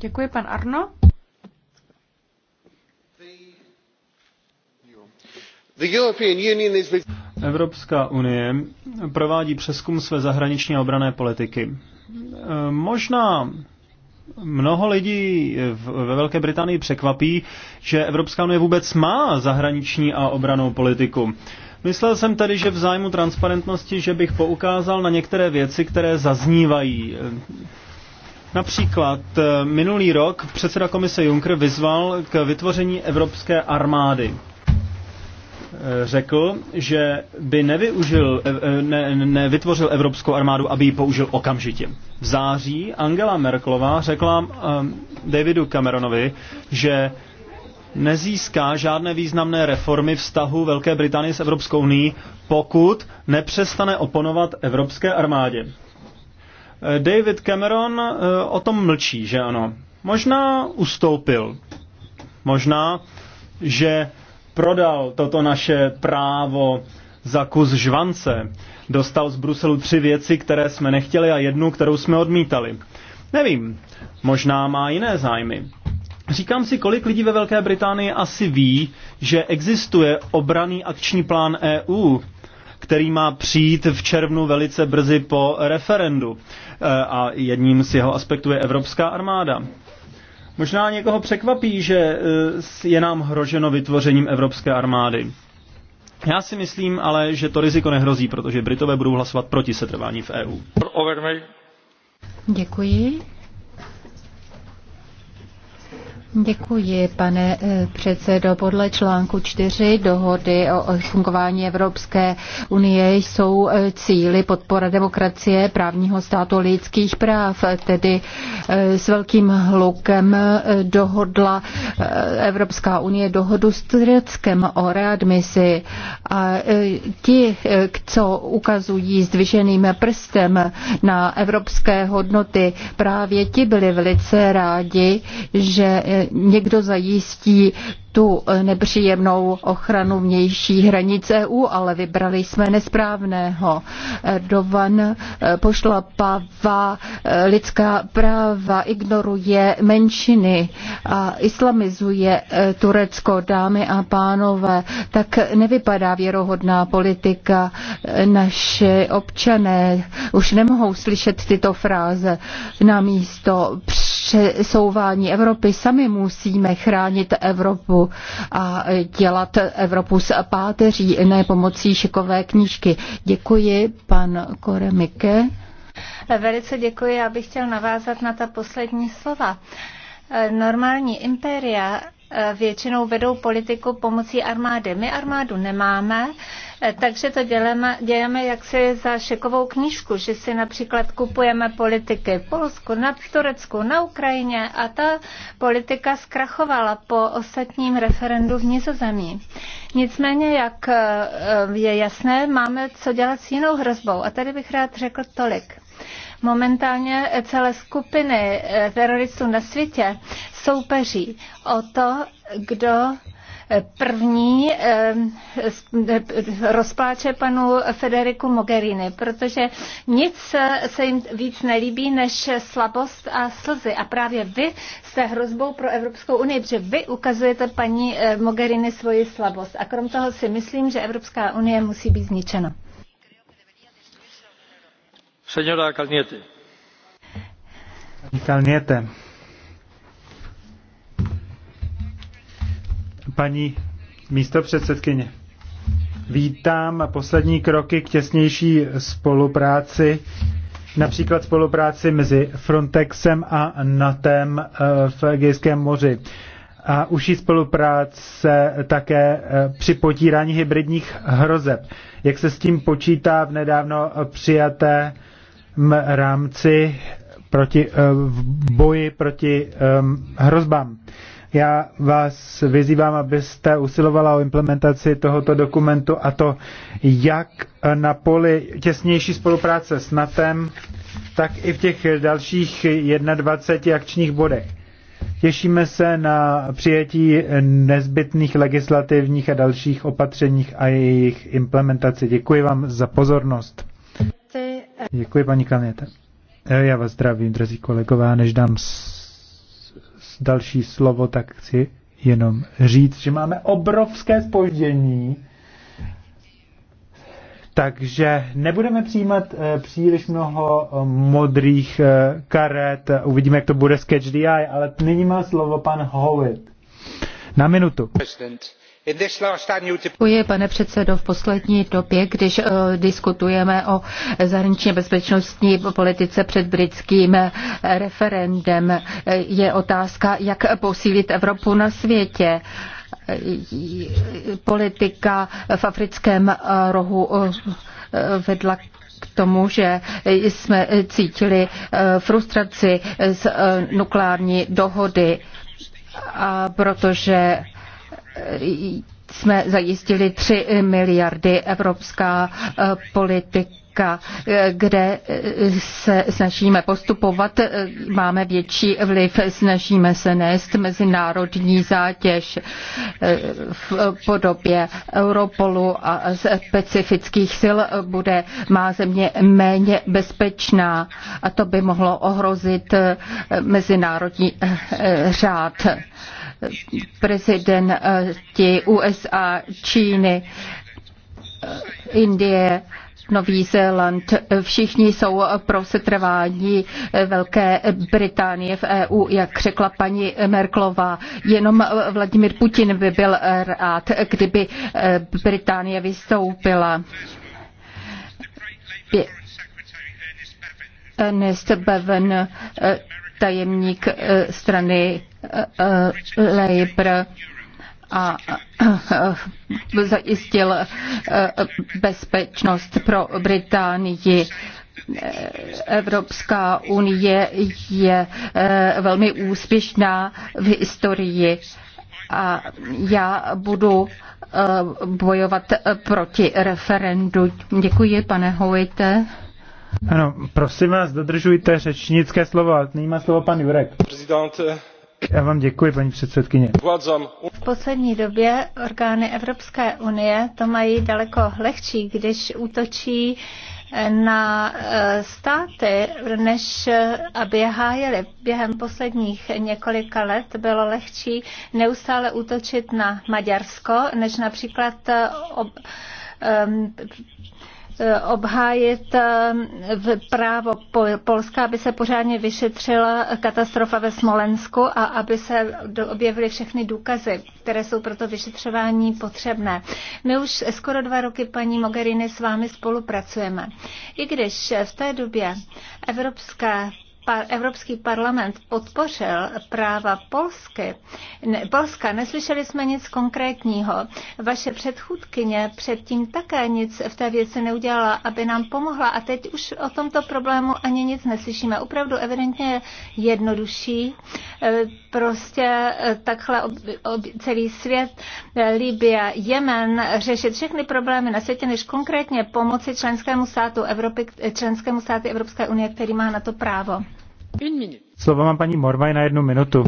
Děkuji, pan Arno. Evropská unie provádí přeskum své zahraniční a obrané politiky. Eh, možná mnoho lidí ve Velké Británii překvapí, že Evropská unie vůbec má zahraniční a obranou politiku. Myslel jsem tedy, že v zájmu transparentnosti, že bych poukázal na některé věci, které zaznívají. Například eh, minulý rok předseda komise Juncker vyzval k vytvoření evropské armády. Eh, řekl, že by nevyužil, eh, ne, nevytvořil evropskou armádu, aby ji použil okamžitě. V září Angela Merklová řekla Davidu Cameronovi, že nezíská žádné významné reformy vztahu Velké Británie s Evropskou unii, pokud nepřestane oponovat Evropské armádě. Eh, David Cameron eh, o tom mlčí, že ano. Možná ustoupil. Možná, že prodal toto naše právo za kus žvance. Dostal z Bruselu tři věci, které jsme nechtěli a jednu, kterou jsme odmítali. Nevím, možná má jiné zájmy. Říkám si, kolik lidí ve Velké Británii asi ví, že existuje obraný akční plán EU, který má přijít v červnu velice brzy po referendu. E, a jedním z jeho aspektů je Evropská armáda. Možná někoho překvapí, že e, je nám hroženo vytvořením Evropské armády. Já si myslím ale, že to riziko nehrozí, protože Britové budou hlasovat proti setrvání v EU. Děkuji. Děkuji, pane eh, předsedo. Podle článku 4 dohody o fungování Evropské unie jsou eh, cíly podpora demokracie, právního státu, lidských práv. Tedy eh, s velkým hlukem dohodla Evropská unie dohodu s Tureckem o readmisi. A ti, co ukazují zdviženým prstem na evropské hodnoty, právě ti byli velice rádi, že někdo zajistí tu eh, nepříjemnou ochranu vnější hranic EU, ale vybrali jsme nesprávného. Eh, pošla pošlapává eh, lidská práva, ignoruje menšiny a islamizuje Turecko, dámy a pánové. Tak nevypadá věrohodná politika. Naše občané už nemohou slyšet tyto fráze na místo při přesouvání Evropy. Sami musíme chránit Evropu a dělat Evropu s páteří, ne pomocí šikové knížky. Děkuji, pan Koremike. Velice děkuji, já bych chtěl navázat na ta poslední slova. Normální impéria většinou vedou politiku pomocí armády. My armádu nemáme, Eh, takže to děláme, děláme jaksi za šekovou knížku, že si například kupujeme politiky v Polsku, na Turecku, na Ukrajině a ta politika zkrachovala po ostatním referendu v Nizozemí. Nicméně, jak eh, je jasné, máme co dělat s jinou hrozbou. A tady bych rád řekl tolik. Momentálně celé skupiny eh, teroristů na světě soupeří o to, kdo první eh, rozpláče panu Federiku Mogherini, protože nic se jim víc nelíbí než slabost a slzy. A právě vy jste hrozbou pro Evropskou unii, protože vy ukazujete paní eh, Mogherini svoji slabost. A krom toho si myslím, že Evropská unie musí být zničena. Senora Calniete. Calniete. Paní místo předsedkyně, vítám poslední kroky k těsnější spolupráci, například spolupráci mezi Frontexem a NATEM eh, v Egejském moři a užší spolupráce také eh, při potírání hybridních hrozeb. Jak se s tím počítá v nedávno přijaté rámci proti, eh, v boji proti ehm, hrozbám? Já vás vyzývám, abyste usilovala o implementaci tohoto dokumentu a to jak na poli těsnější spolupráce s NATEM, tak i v těch dalších 21 akčních bodech. Těšíme se na přijetí nezbytných legislativních a dalších opatřeních a jejich implementaci. Děkuji vám za pozornost. Děkuji, paní Kalněte. Já vás zdravím, drazí kolegové, než dám další slovo, tak chci jenom říct, že máme obrovské spoždění, takže nebudeme přijímat eh, příliš mnoho eh, modrých eh, karet. Uvidíme, jak to bude s Catch the Eye, ale nyní má slovo pan Howitt. Na minutu. President. Děkuji, pane předsedo. V poslední době, když uh, diskutujeme o zahraničně bezpečnostní politice před britským eh, referendem, eh, je otázka, jak posílit Evropu na světě. Politika v africkém rohu vedla k tomu, že jsme cítili frustraci z nukleární dohody, a protože jsme zajistili 3 miliardy evropská eh, politika eh, kde eh, se snažíme postupovat, máme větší vliv, snažíme se nést mezinárodní zátěž v podobě Europolu a specifických sil bude má země méně bezpečná a to by mohlo ohrozit mezinárodní řád prezidenti USA, Číny, Indie, Nový Zéland. Všichni jsou pro setrvání Velké Británie v EU, jak řekla paní Merklová. Jenom Vladimir Putin by byl rád, kdyby Británie vystoupila. Ernest Bevan, tajemník strany Eh, eh, Labour a eh, zajistil bezpečnost pro Británii. Evropská unie je velmi úspěšná v historii a já budu bojovat proti referendu. Děkuji, pane Hojte. Ano, prosím vás, dodržujte řečnické slovo. Nyní má slovo pan Jurek. Prezidente, já vám děkuji, paní předsedkyně. V poslední době orgány Evropské unie to mají daleko lehčí, když útočí eh, na eh, státy, než eh, aby je hájili. Během posledních několika let bylo lehčí neustále útočit na Maďarsko, než například ob, um, Eh, obhájit eh, právo Polska, aby se pořádně vyšetřila katastrofa ve Smolensku a aby se objevily všechny důkazy, které jsou pro to vyšetřování potřebné. My už skoro dva roky, paní Mogherini, s vámi spolupracujeme. I když v té době Evropské Evropský parlament podpořil práva Polsky, ne, Polska, neslyšeli jsme nic konkrétního. Vaše předchůdkyně předtím také nic v té věci neudělala, aby nám pomohla a teď už o tomto problému ani nic neslyšíme. Opravdu evidentně jednodušší. Eh, prostě eh, takhle ob, ob, celý svět, eh, Libia, Jemen, řešit všechny problémy na světě, než konkrétně pomoci členskému státu Evropy, členskému státu Evropské unie, který má na to právo. Slovo má paní Morvaj na jednu minutu.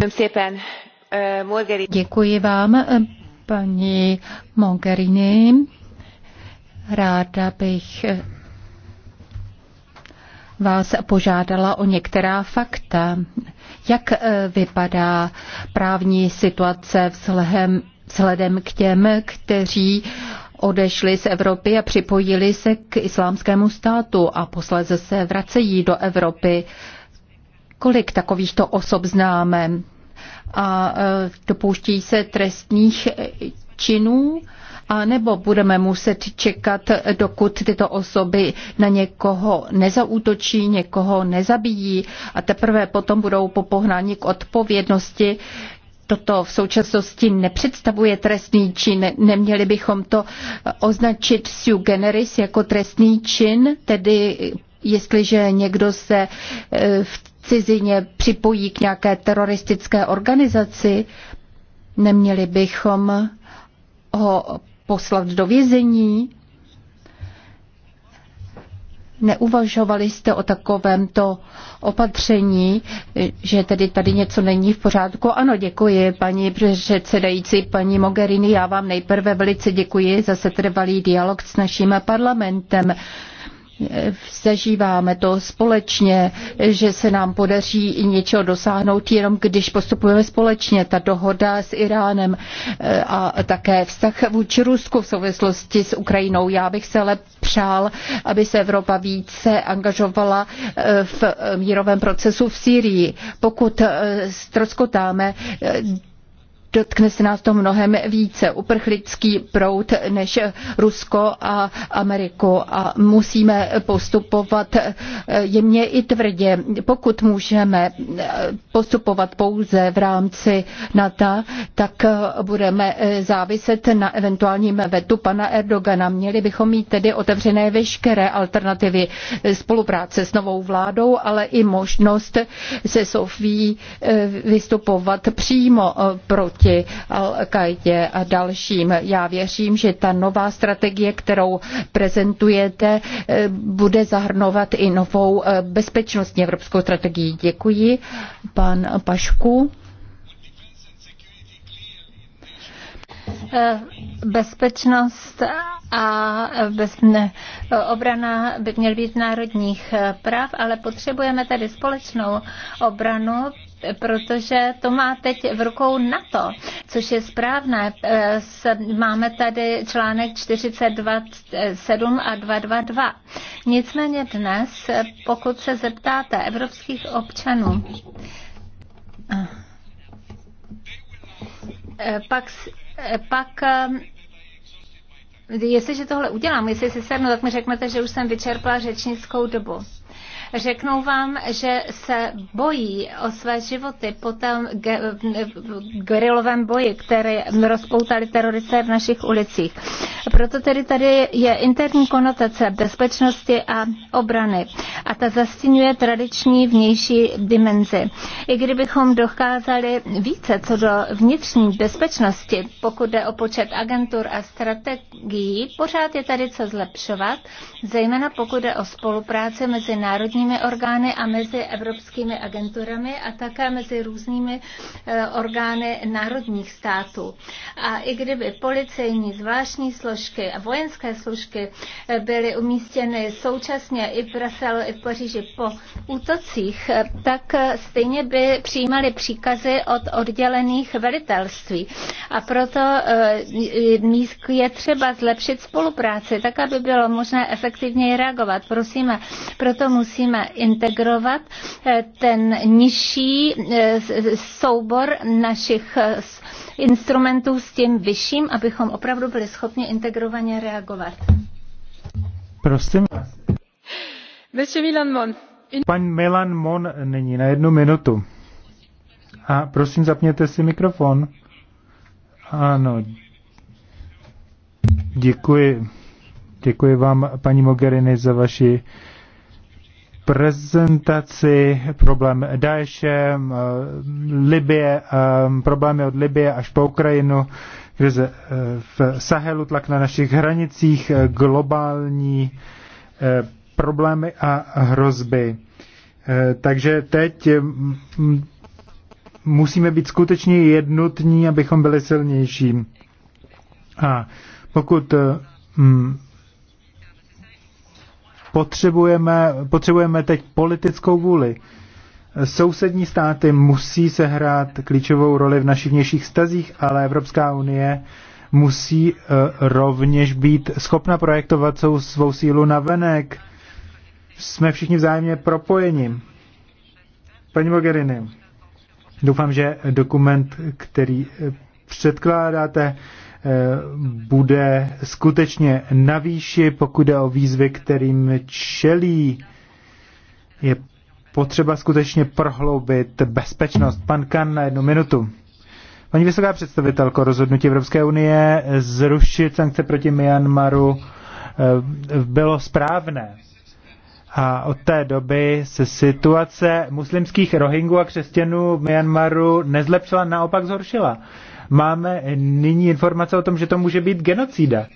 Děkuji eh, vám, eh, paní Mogherini. Ráda bych eh, vás požádala o některá fakta. Jak vypadá právní situace vzhledem, vzhledem k těm, kteří odešli z Evropy a připojili se k islámskému státu a posledce se vracejí do Evropy? Kolik takovýchto osob známe? A e, dopouštějí se trestních činů? A nebo budeme muset čekat, dokud tyto osoby na někoho nezautočí, někoho nezabijí a teprve potom budou popohnáni k odpovědnosti. Toto v současnosti nepředstavuje trestný čin. Neměli bychom to označit su generis jako trestný čin, tedy jestliže někdo se e, v cizině připojí k nějaké teroristické organizaci, neměli bychom ho poslat do vězení? Neuvažovali jste o takovémto opatření, že tedy tady něco není v pořádku? Ano, děkuji, paní předsedající, paní Mogherini. Já vám nejprve velice děkuji za setrvalý dialog s naším parlamentem zažíváme to společně, že se nám podaří něčeho dosáhnout jenom když postupujeme společně. Ta dohoda s Iránem eh, a také vztah vůči Rusku v souvislosti s Ukrajinou. Já bych se ale přál, aby se Evropa více angažovala eh, v mírovém procesu v Sýrii. Pokud stroskotáme, eh, dotkne se nás to mnohem více. Uprchlický proud než Rusko a Ameriku a musíme postupovat eh, jemně i tvrdě. Pokud můžeme eh, postupovat pouze v rámci NATO, tak eh, budeme záviset na eventuálním vetu pana Erdogana. Měli bychom mít tedy otevřené veškeré alternativy spolupráce s novou vládou, ale i možnost se Sofí vystupovat přímo proti proti Al-Kaidě a dalším. Já věřím, že ta nová strategie, kterou prezentujete, eh, bude zahrnovat i novou eh, bezpečnostní evropskou strategii. Děkuji. Pan Pašku. Eh, bezpečnost a bez, ne, obrana by měl být národních práv, ale potřebujeme tady společnou obranu protože to má teď v rukou NATO, což je správné. Eh, máme tady článek 42.7 a 222. Nicméně dnes, pokud se zeptáte evropských občanů, eh, pak, eh, pak jestliže tohle udělám, jestli si sednu, tak mi řeknete, že už jsem vyčerpala řečnickou dobu. Řeknou vám, že se bojí o své životy po tom gerilovém boji, který rozpoutali teroristé v našich ulicích. Proto tedy tady je interní konotace bezpečnosti a obrany a ta zastínuje tradiční vnější dimenzi. I kdybychom dokázali více co do vnitřní bezpečnosti, pokud jde o počet agentur a strategií, pořád je tady co zlepšovat, zejména pokud jde o spolupráci mezi národními národními orgány a mezi evropskými agenturami a také mezi různými eh, orgány národních států. A i kdyby policejní zvláštní složky a vojenské složky eh, byly umístěny současně i v Bruselu, i v Paříži po útocích, eh, tak stejně by přijímali příkazy od oddělených velitelství. A proto je třeba zlepšit spolupráci, tak aby bylo možné efektivněji reagovat. Prosíme, proto musíme musíme integrovat eh, ten nižší eh, soubor našich eh, instrumentů s tím vyšším, abychom opravdu byli schopni integrovaně reagovat. Prosím Milan Mon. Pan Milan Mon není na jednu minutu. A prosím, zapněte si mikrofon. Ano. Děkuji. Děkuji vám, paní Mogherini, za vaši prezentaci problém Daeše, Libie, problémy od Libie až po Ukrajinu, krize e, v Sahelu, tlak na našich hranicích, e, globální e, problémy a hrozby. Takže teď musíme být skutečně jednotní, abychom byli silnější. A pokud potřebujeme, potřebujeme teď politickou vůli. Sousední státy musí sehrát klíčovou roli v našich vnějších stazích, ale Evropská unie musí uh, rovněž být schopna projektovat svou, svou sílu na venek. Jsme všichni vzájemně propojeni. Paní Mogherini, doufám, že dokument, který eh, předkládáte, Eh, bude skutečně na výši, pokud jde o výzvy, kterým čelí. Je potřeba skutečně prohloubit bezpečnost. Pan Kan na jednu minutu. Paní vysoká představitelko, rozhodnutí Evropské unie zrušit sankce proti Myanmaru eh, bylo správné. A od té doby se situace muslimských rohingů a křesťanů v Myanmaru nezlepšila, naopak zhoršila máme nyní informace o tom, že to může být genocída.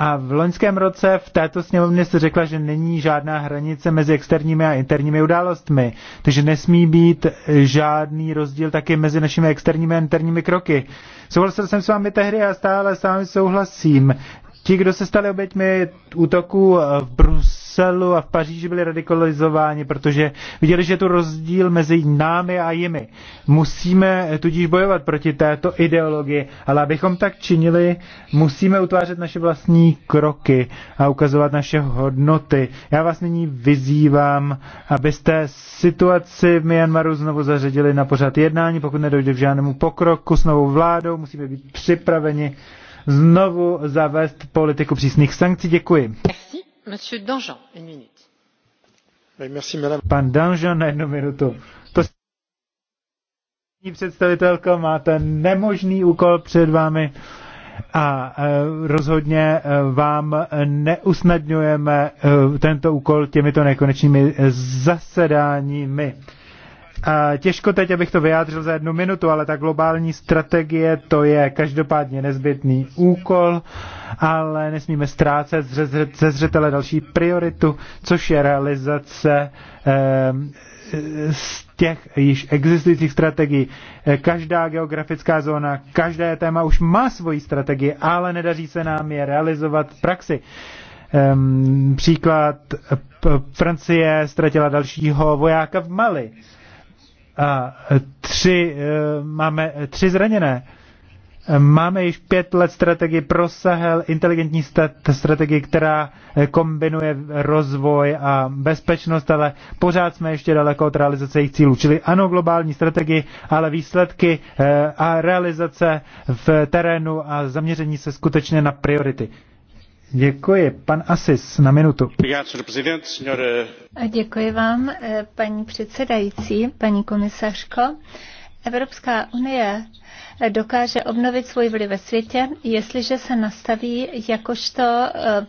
A v loňském roce v této sněmovně se řekla, že není žádná hranice mezi externími a interními událostmi. Takže nesmí být žádný rozdíl taky mezi našimi externími a interními kroky. Souhlasil jsem s vámi tehdy a stále s vámi souhlasím. Ti, kdo se stali oběťmi útoku v Bruselu a v Paříži, byli radikalizováni, protože viděli, že je tu rozdíl mezi námi a jimi. Musíme tudíž bojovat proti této ideologii, ale abychom tak činili, musíme utvářet naše vlastní kroky a ukazovat naše hodnoty. Já vás nyní vyzývám, abyste situaci v Myanmaru znovu zařadili na pořád jednání, pokud nedojde k žádnému pokroku s novou vládou, musíme být připraveni znovu zavést politiku přísných sankcí. Děkuji. Pan Dangean na jednu minutu. To paní představitelko, máte nemožný úkol před vámi a e, rozhodně e, vám neusnadňujeme e, tento úkol těmito nekonečnými zasedáními. Těžko teď, abych to vyjádřil za jednu minutu, ale ta globální strategie to je každopádně nezbytný úkol, ale nesmíme ztrácet ze zřetele další prioritu, což je realizace eh, z těch již existujících strategií. Každá geografická zóna, každé téma už má svoji strategii, ale nedaří se nám je realizovat v praxi. Ehm, příklad eh, Francie ztratila dalšího vojáka v Mali a tři, eh, máme tři zraněné. Máme již pět let strategii pro Sahel, inteligentní strategii, která eh, kombinuje rozvoj a bezpečnost, ale pořád jsme ještě daleko od realizace jejich cílů. Čili ano, globální strategii, ale výsledky eh, a realizace v terénu a zaměření se skutečně na priority. Děkuji. Pan Asis na minutu. Děkuji vám, eh, paní předsedající, paní komisařko. Evropská unie eh, dokáže obnovit svůj vliv ve světě, jestliže se nastaví jakožto eh,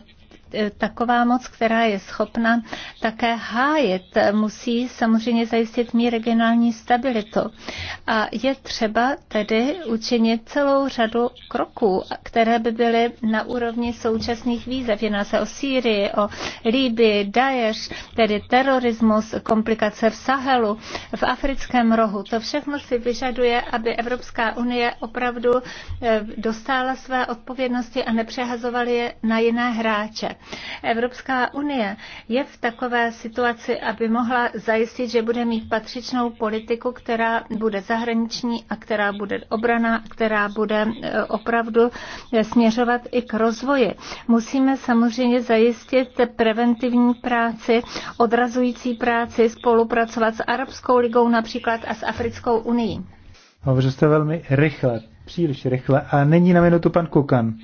Eh, taková moc, která je schopna také hájet, Musí samozřejmě zajistit mí regionální stabilitu. A je třeba tedy učinit celou řadu kroků, které by byly na úrovni současných výzev. Jedná se o Sýrii, o Líbii, Daesh, tedy terorismus, komplikace v Sahelu, v africkém rohu. To všechno si vyžaduje, aby Evropská unie opravdu eh, dostála své odpovědnosti a nepřehazovali je na jiné hráče. Evropská unie je v takové situaci, aby mohla zajistit, že bude mít patřičnou politiku, která bude zahraniční a která bude obrana, která bude e, opravdu e, směřovat i k rozvoji. Musíme samozřejmě zajistit preventivní práci, odrazující práci, spolupracovat s Arabskou ligou například a s Africkou unii. Dobře, jste velmi rychle příliš rychle. A není na minutu pan Kukan.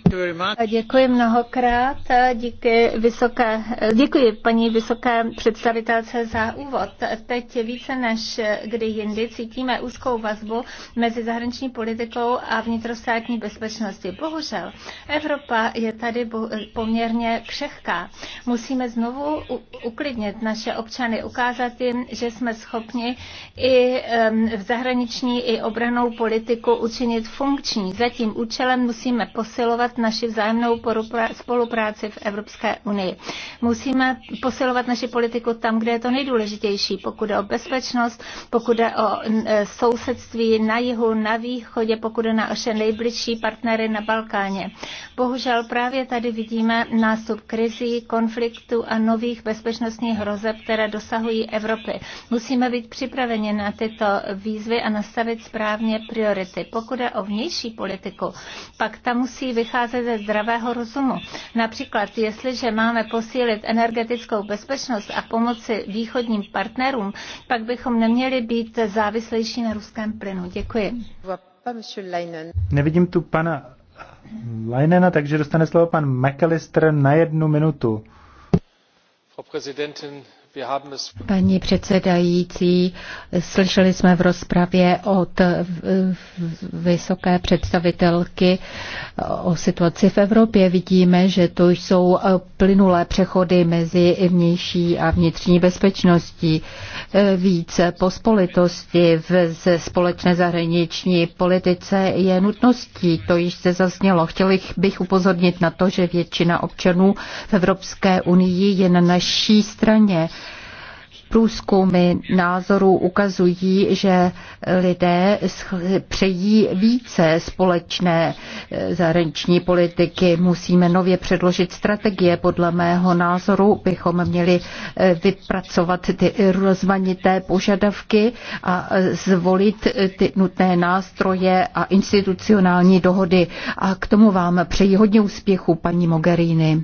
Děkuji mnohokrát. Díky vysoké, děkuji paní vysoké představitelce za úvod. Teď více než kdy jindy cítíme úzkou vazbu mezi zahraniční politikou a vnitrostátní bezpečností. Bohužel, Evropa je tady poměrně křehká. Musíme znovu uklidnit naše občany, ukázat jim, že jsme schopni i v zahraniční, i obranou politiku učinit funkci funkční. Za tím účelem musíme posilovat naši vzájemnou spolupráci v Evropské unii. Musíme posilovat naši politiku tam, kde je to nejdůležitější, pokud je o bezpečnost, pokud je o e, sousedství na jihu, na východě, pokud je na naše nejbližší partnery na Balkáně. Bohužel právě tady vidíme nástup krizí, konfliktu a nových bezpečnostních hrozeb, které dosahují Evropy. Musíme být připraveni na tyto výzvy a nastavit správně priority. Pokud je o vnitř, vnější politiku, pak ta musí vycházet ze zdravého rozumu. Například, jestliže máme posílit energetickou bezpečnost a pomoci východním partnerům, pak bychom neměli být závislejší na ruském plynu. Děkuji. Nevidím tu pana Leinena, takže dostane slovo pan McAllister na jednu minutu. Frau Präsidentin, Paní předsedající, slyšeli jsme v rozpravě od vysoké představitelky o situaci v Evropě. Vidíme, že to jsou plynulé přechody mezi vnější a vnitřní bezpečností. Více pospolitosti v společné zahraniční politice je nutností. To již se zaznělo. Chtěl bych upozornit na to, že většina občanů v Evropské unii je na naší straně. Průzkumy názorů ukazují, že lidé přejí více společné eh, zahraniční politiky. Musíme nově předložit strategie. Podle mého názoru bychom měli eh, vypracovat ty rozmanité požadavky a eh, zvolit ty nutné nástroje a institucionální dohody. A k tomu vám přeji hodně úspěchu, paní Mogherini.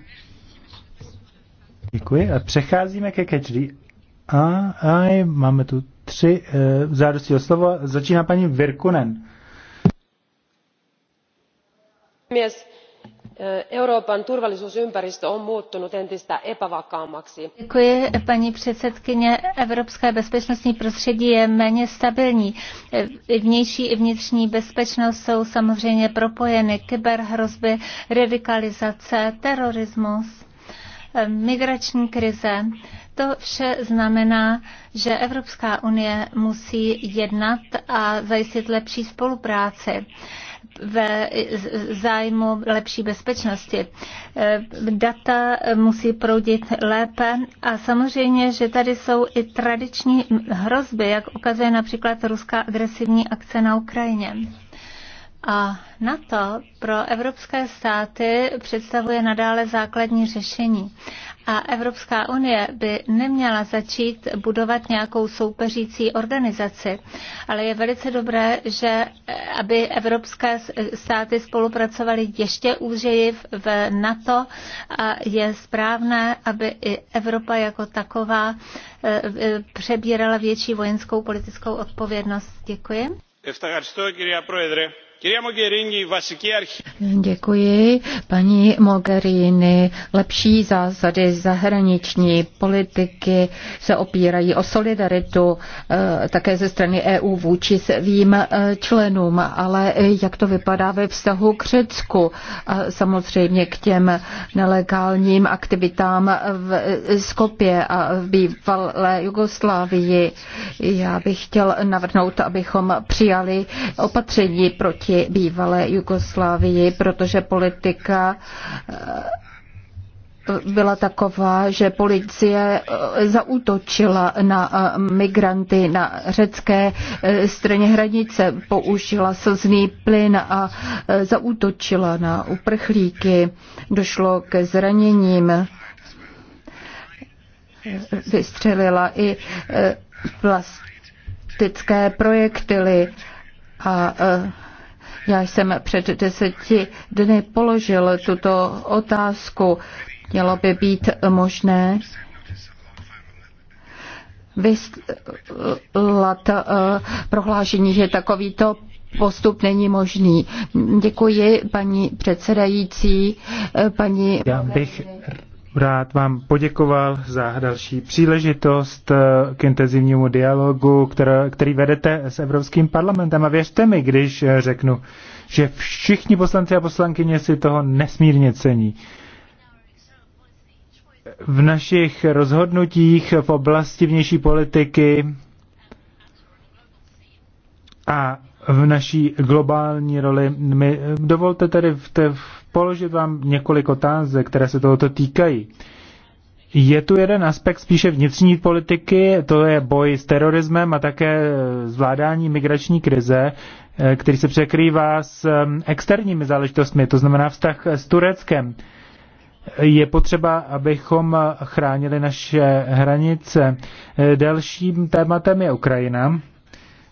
Děkuji a přecházíme ke catch a, a máme tu tři e, žádosti o slovo. Začíná paní Virkunen. Mies. Eh, Euroopan turvallisuusympäristö on muuttunut entistä epävakaammaksi. Děkuji, paní předsedkyně. Evropské bezpečnostní prostředí je méně stabilní. Eh, vnější i vnitřní bezpečnost jsou samozřejmě propojeny. Kyberhrozby, radikalizace, terorismus, migrační krize. To vše znamená, že Evropská unie musí jednat a zajistit lepší spolupráci ve zájmu lepší bezpečnosti. Eh, data musí proudit lépe a samozřejmě, že tady jsou i tradiční hrozby, jak ukazuje například ruská agresivní akce na Ukrajině. A NATO pro evropské státy představuje nadále základní řešení. A Evropská unie by neměla začít budovat nějakou soupeřící organizaci, ale je velice dobré, že aby evropské státy spolupracovaly ještě úžeji v NATO a je správné, aby i Evropa jako taková e, e, přebírala větší vojenskou politickou odpovědnost. Děkuji. Ευχαριστώ, κυρία Πρόεδρε. Děkuji. Paní Mogherini, lepší zásady zahraniční politiky se opírají o solidaritu eh, také ze strany EU vůči svým eh, členům, ale jak to vypadá ve vztahu k Řecku a samozřejmě k těm nelegálním aktivitám v eh, Skopě a v bývalé Jugoslávii. Já bych chtěl navrhnout, abychom přijali opatření proti proti bývalé Jugoslávii, protože politika eh, byla taková, že policie eh, zautočila na eh, migranty na řecké straně hranice, použila slzný plyn a zautočila na uprchlíky. Došlo ke zraněním. Vystřelila i plastické projektily a já jsem před deseti dny položil tuto otázku. Mělo by být možné vyslat eh, prohlášení, že takovýto postup není možný. Děkuji, paní předsedající, eh, paní... Já bych rád vám poděkoval za další příležitost eh, k intenzivnímu dialogu, který vedete s Evropským parlamentem. A věřte mi, když eh, řeknu, že všichni poslanci a poslankyně si toho nesmírně cení. V našich rozhodnutích v oblasti vnější politiky a v naší globální roli. My, dovolte tedy v, te, položit vám několik otázek, které se tohoto týkají. Je tu jeden aspekt spíše vnitřní politiky, to je boj s terorismem a také e, zvládání migrační krize, e, který se překrývá s e, externími záležitostmi, to znamená vztah s Tureckem. Je potřeba, abychom chránili naše hranice. Dalším tématem je Ukrajina.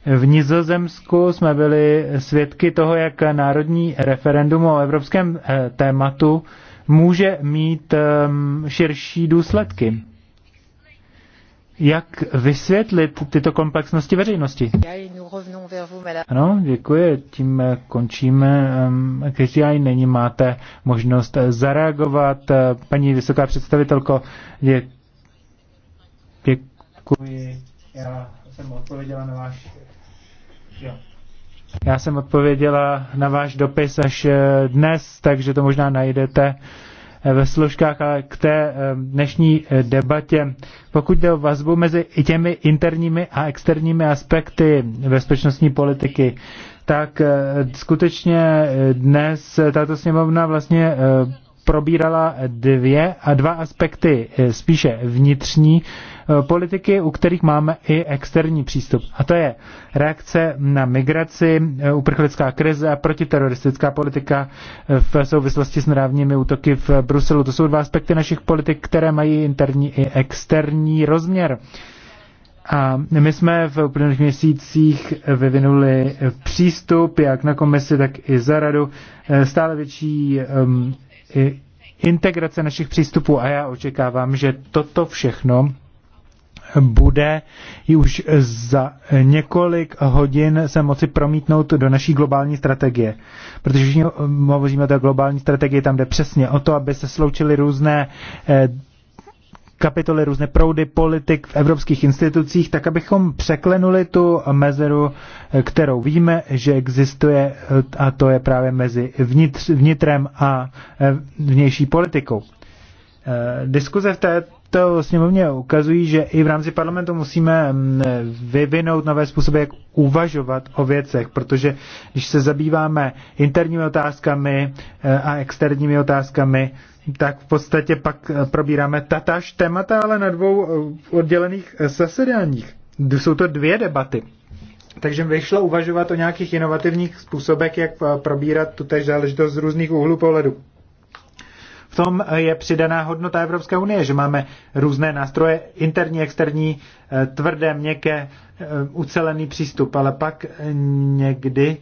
V Nizozemsku jsme byli svědky toho, jak národní referendum o evropském eh, tématu může mít ehm, širší důsledky. Jak vysvětlit tyto komplexnosti veřejnosti? Ano, děkuji. Tím eh, končíme. Kristiáni, ehm, není máte možnost eh, zareagovat. Paní vysoká představitelko, děkuji. Já jsem odpověděla na váš já jsem odpověděla na váš dopis až eh, dnes, takže to možná najdete eh, ve složkách, ale k té eh, dnešní debatě. Pokud jde o vazbu mezi těmi interními a externími aspekty bezpečnostní politiky, tak skutečně dnes tato sněmovna vlastně probírala dvě a dva aspekty spíše vnitřní Eh, politiky, u kterých máme i externí přístup. A to je reakce na migraci, eh, uprchlická krize a protiteroristická politika eh, v souvislosti s nedávními útoky v Bruselu. To jsou dva aspekty našich politik, které mají interní i externí rozměr. A my jsme v uplynulých měsících vyvinuli přístup, jak na komisi, tak i za radu, stále větší um, integrace našich přístupů a já očekávám, že toto všechno bude už za několik hodin se moci promítnout do naší globální strategie. Protože všichni hovoříme o té globální strategii, tam jde přesně o to, aby se sloučily různé eh, kapitoly, různé proudy politik v evropských institucích, tak abychom překlenuli tu mezeru, eh, kterou víme, že existuje, eh, a to je právě mezi vnitř, vnitrem a vnější politikou. Diskuze v té to sněmovně ukazují, že i v rámci parlamentu musíme mm, vyvinout nové způsoby, jak uvažovat o věcech, protože když se zabýváme interními otázkami eh, a externími otázkami, tak v podstatě pak eh, probíráme tatáž témata, ale na dvou eh, oddělených zasedáních. Jsou to dvě debaty. Takže vyšlo uvažovat o nějakých inovativních způsobech, jak probírat tutéž záležitost z různých úhlů pohledu v tom je přidaná hodnota Evropské unie, že máme různé nástroje, interní, externí, eh, tvrdé, měkké, eh, ucelený přístup, ale pak eh, někdy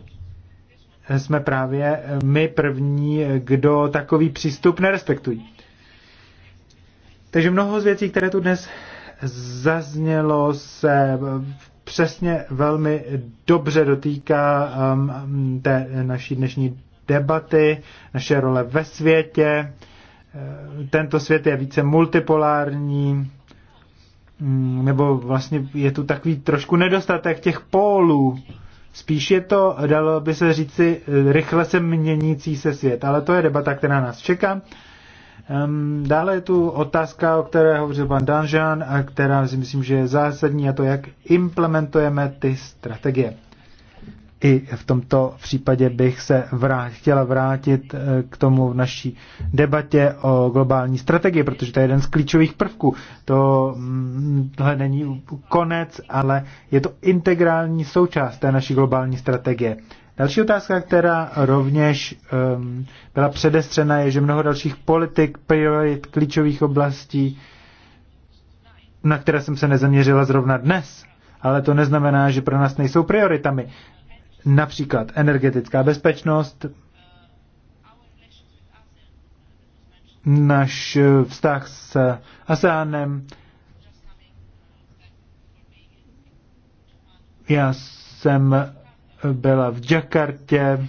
jsme právě my první, kdo takový přístup nerespektují. Takže mnoho z věcí, které tu dnes zaznělo, se přesně velmi dobře dotýká um, té naší dnešní debaty, naše role ve světě, tento svět je více multipolární, mm, nebo vlastně je tu takový trošku nedostatek těch pólů. Spíš je to, dalo by se říci, rychle se měnící se svět, ale to je debata, která nás čeká. Dále je tu otázka, o které hovořil pan Danžan a která si myslím, že je zásadní, a to, jak implementujeme ty strategie i v tomto případě bych se vrát, chtěla vrátit eh, k tomu v naší debatě o globální strategii, protože to je jeden z klíčových prvků. To mm, tohle není konec, ale je to integrální součást té naší globální strategie. Další otázka, která rovněž um, byla předestřena, je, že mnoho dalších politik, priorit, klíčových oblastí, na které jsem se nezaměřila zrovna dnes, ale to neznamená, že pro nás nejsou prioritami například energetická bezpečnost, náš vztah s ASEANem. Já jsem byla v Jakartě,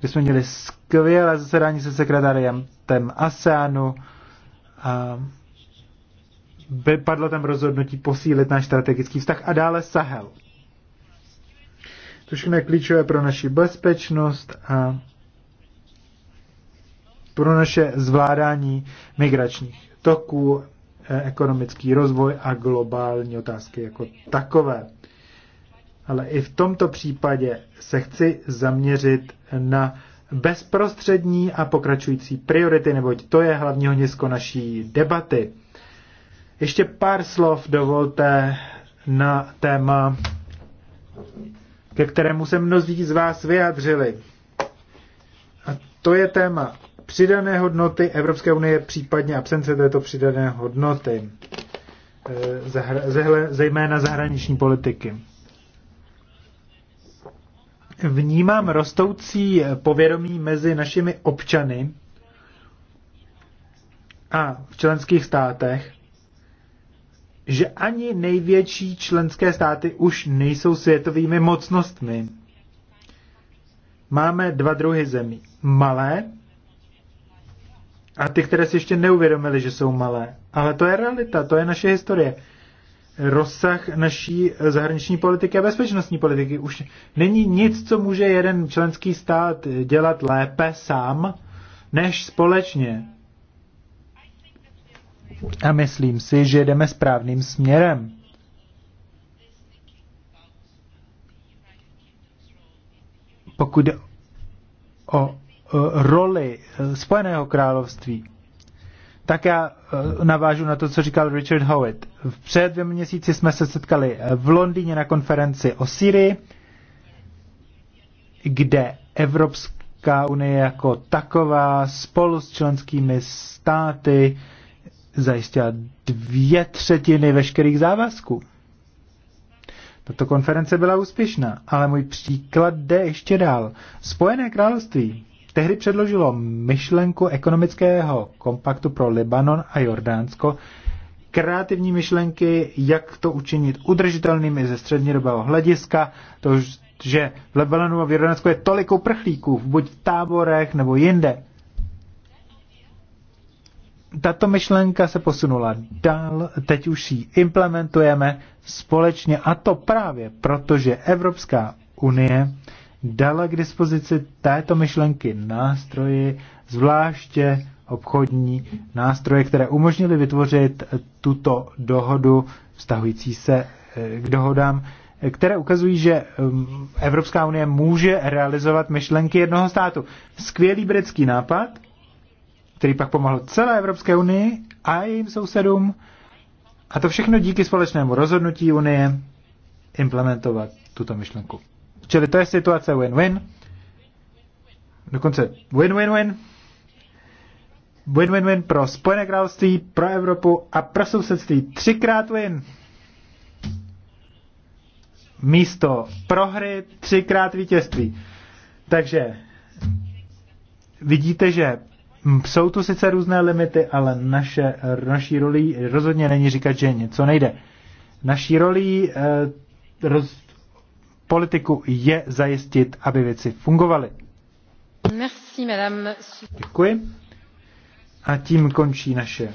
kde jsme měli skvělé zasedání se tem ASEANu. A padlo tam rozhodnutí posílit náš strategický vztah a dále Sahel. To všechno je klíčové pro naši bezpečnost a pro naše zvládání migračních toků, eh, ekonomický rozvoj a globální otázky jako takové. Ale i v tomto případě se chci zaměřit na bezprostřední a pokračující priority, neboť to je hlavní honisko naší debaty. Ještě pár slov dovolte na téma ke kterému se mnozí z vás vyjádřili. A to je téma přidané hodnoty Evropské unie, případně absence této přidané hodnoty, eh, zejména zahraniční politiky. Vnímám rostoucí povědomí mezi našimi občany a v členských státech že ani největší členské státy už nejsou světovými mocnostmi. Máme dva druhy zemí. Malé a ty, které si ještě neuvědomili, že jsou malé. Ale to je realita, to je naše historie. Rozsah naší zahraniční politiky a bezpečnostní politiky už není nic, co může jeden členský stát dělat lépe sám, než společně. A myslím si, že jdeme správným směrem. Pokud jde o roli eh, Spojeného království, tak já eh, navážu na to, co říkal Richard Howitt. Před dvěma měsíci jsme se setkali eh, v Londýně na konferenci o Syrii, kde Evropská unie jako taková spolu s členskými státy zajistila dvě třetiny veškerých závazků. Tato konference byla úspěšná, ale můj příklad jde ještě dál. Spojené království tehdy předložilo myšlenku ekonomického kompaktu pro Libanon a Jordánsko, kreativní myšlenky, jak to učinit udržitelným i ze střednědobého hlediska, to, že v Libanonu a v Jordánsku je tolik uprchlíků, buď v táborech nebo jinde tato myšlenka se posunula dál, teď už ji implementujeme společně a to právě proto, že Evropská unie dala k dispozici této myšlenky nástroji, zvláště obchodní nástroje, které umožnily vytvořit tuto dohodu vztahující se eh, k dohodám, eh, které ukazují, že mm, Evropská unie může realizovat myšlenky jednoho státu. Skvělý britský nápad, který pak pomohl celé Evropské unii a jejím sousedům. A to všechno díky společnému rozhodnutí Unie implementovat tuto myšlenku. Čili to je situace win-win. Dokonce win-win-win. Win-win-win pro Spojené království, pro Evropu a pro sousedství. Třikrát win. Místo prohry, třikrát vítězství. Takže vidíte, že jsou tu sice různé limity, ale naše, naší roli rozhodně není říkat, že něco nejde. Naší roli eh, roz, politiku je zajistit, aby věci fungovaly. Merci, madame. Děkuji. A tím končí naše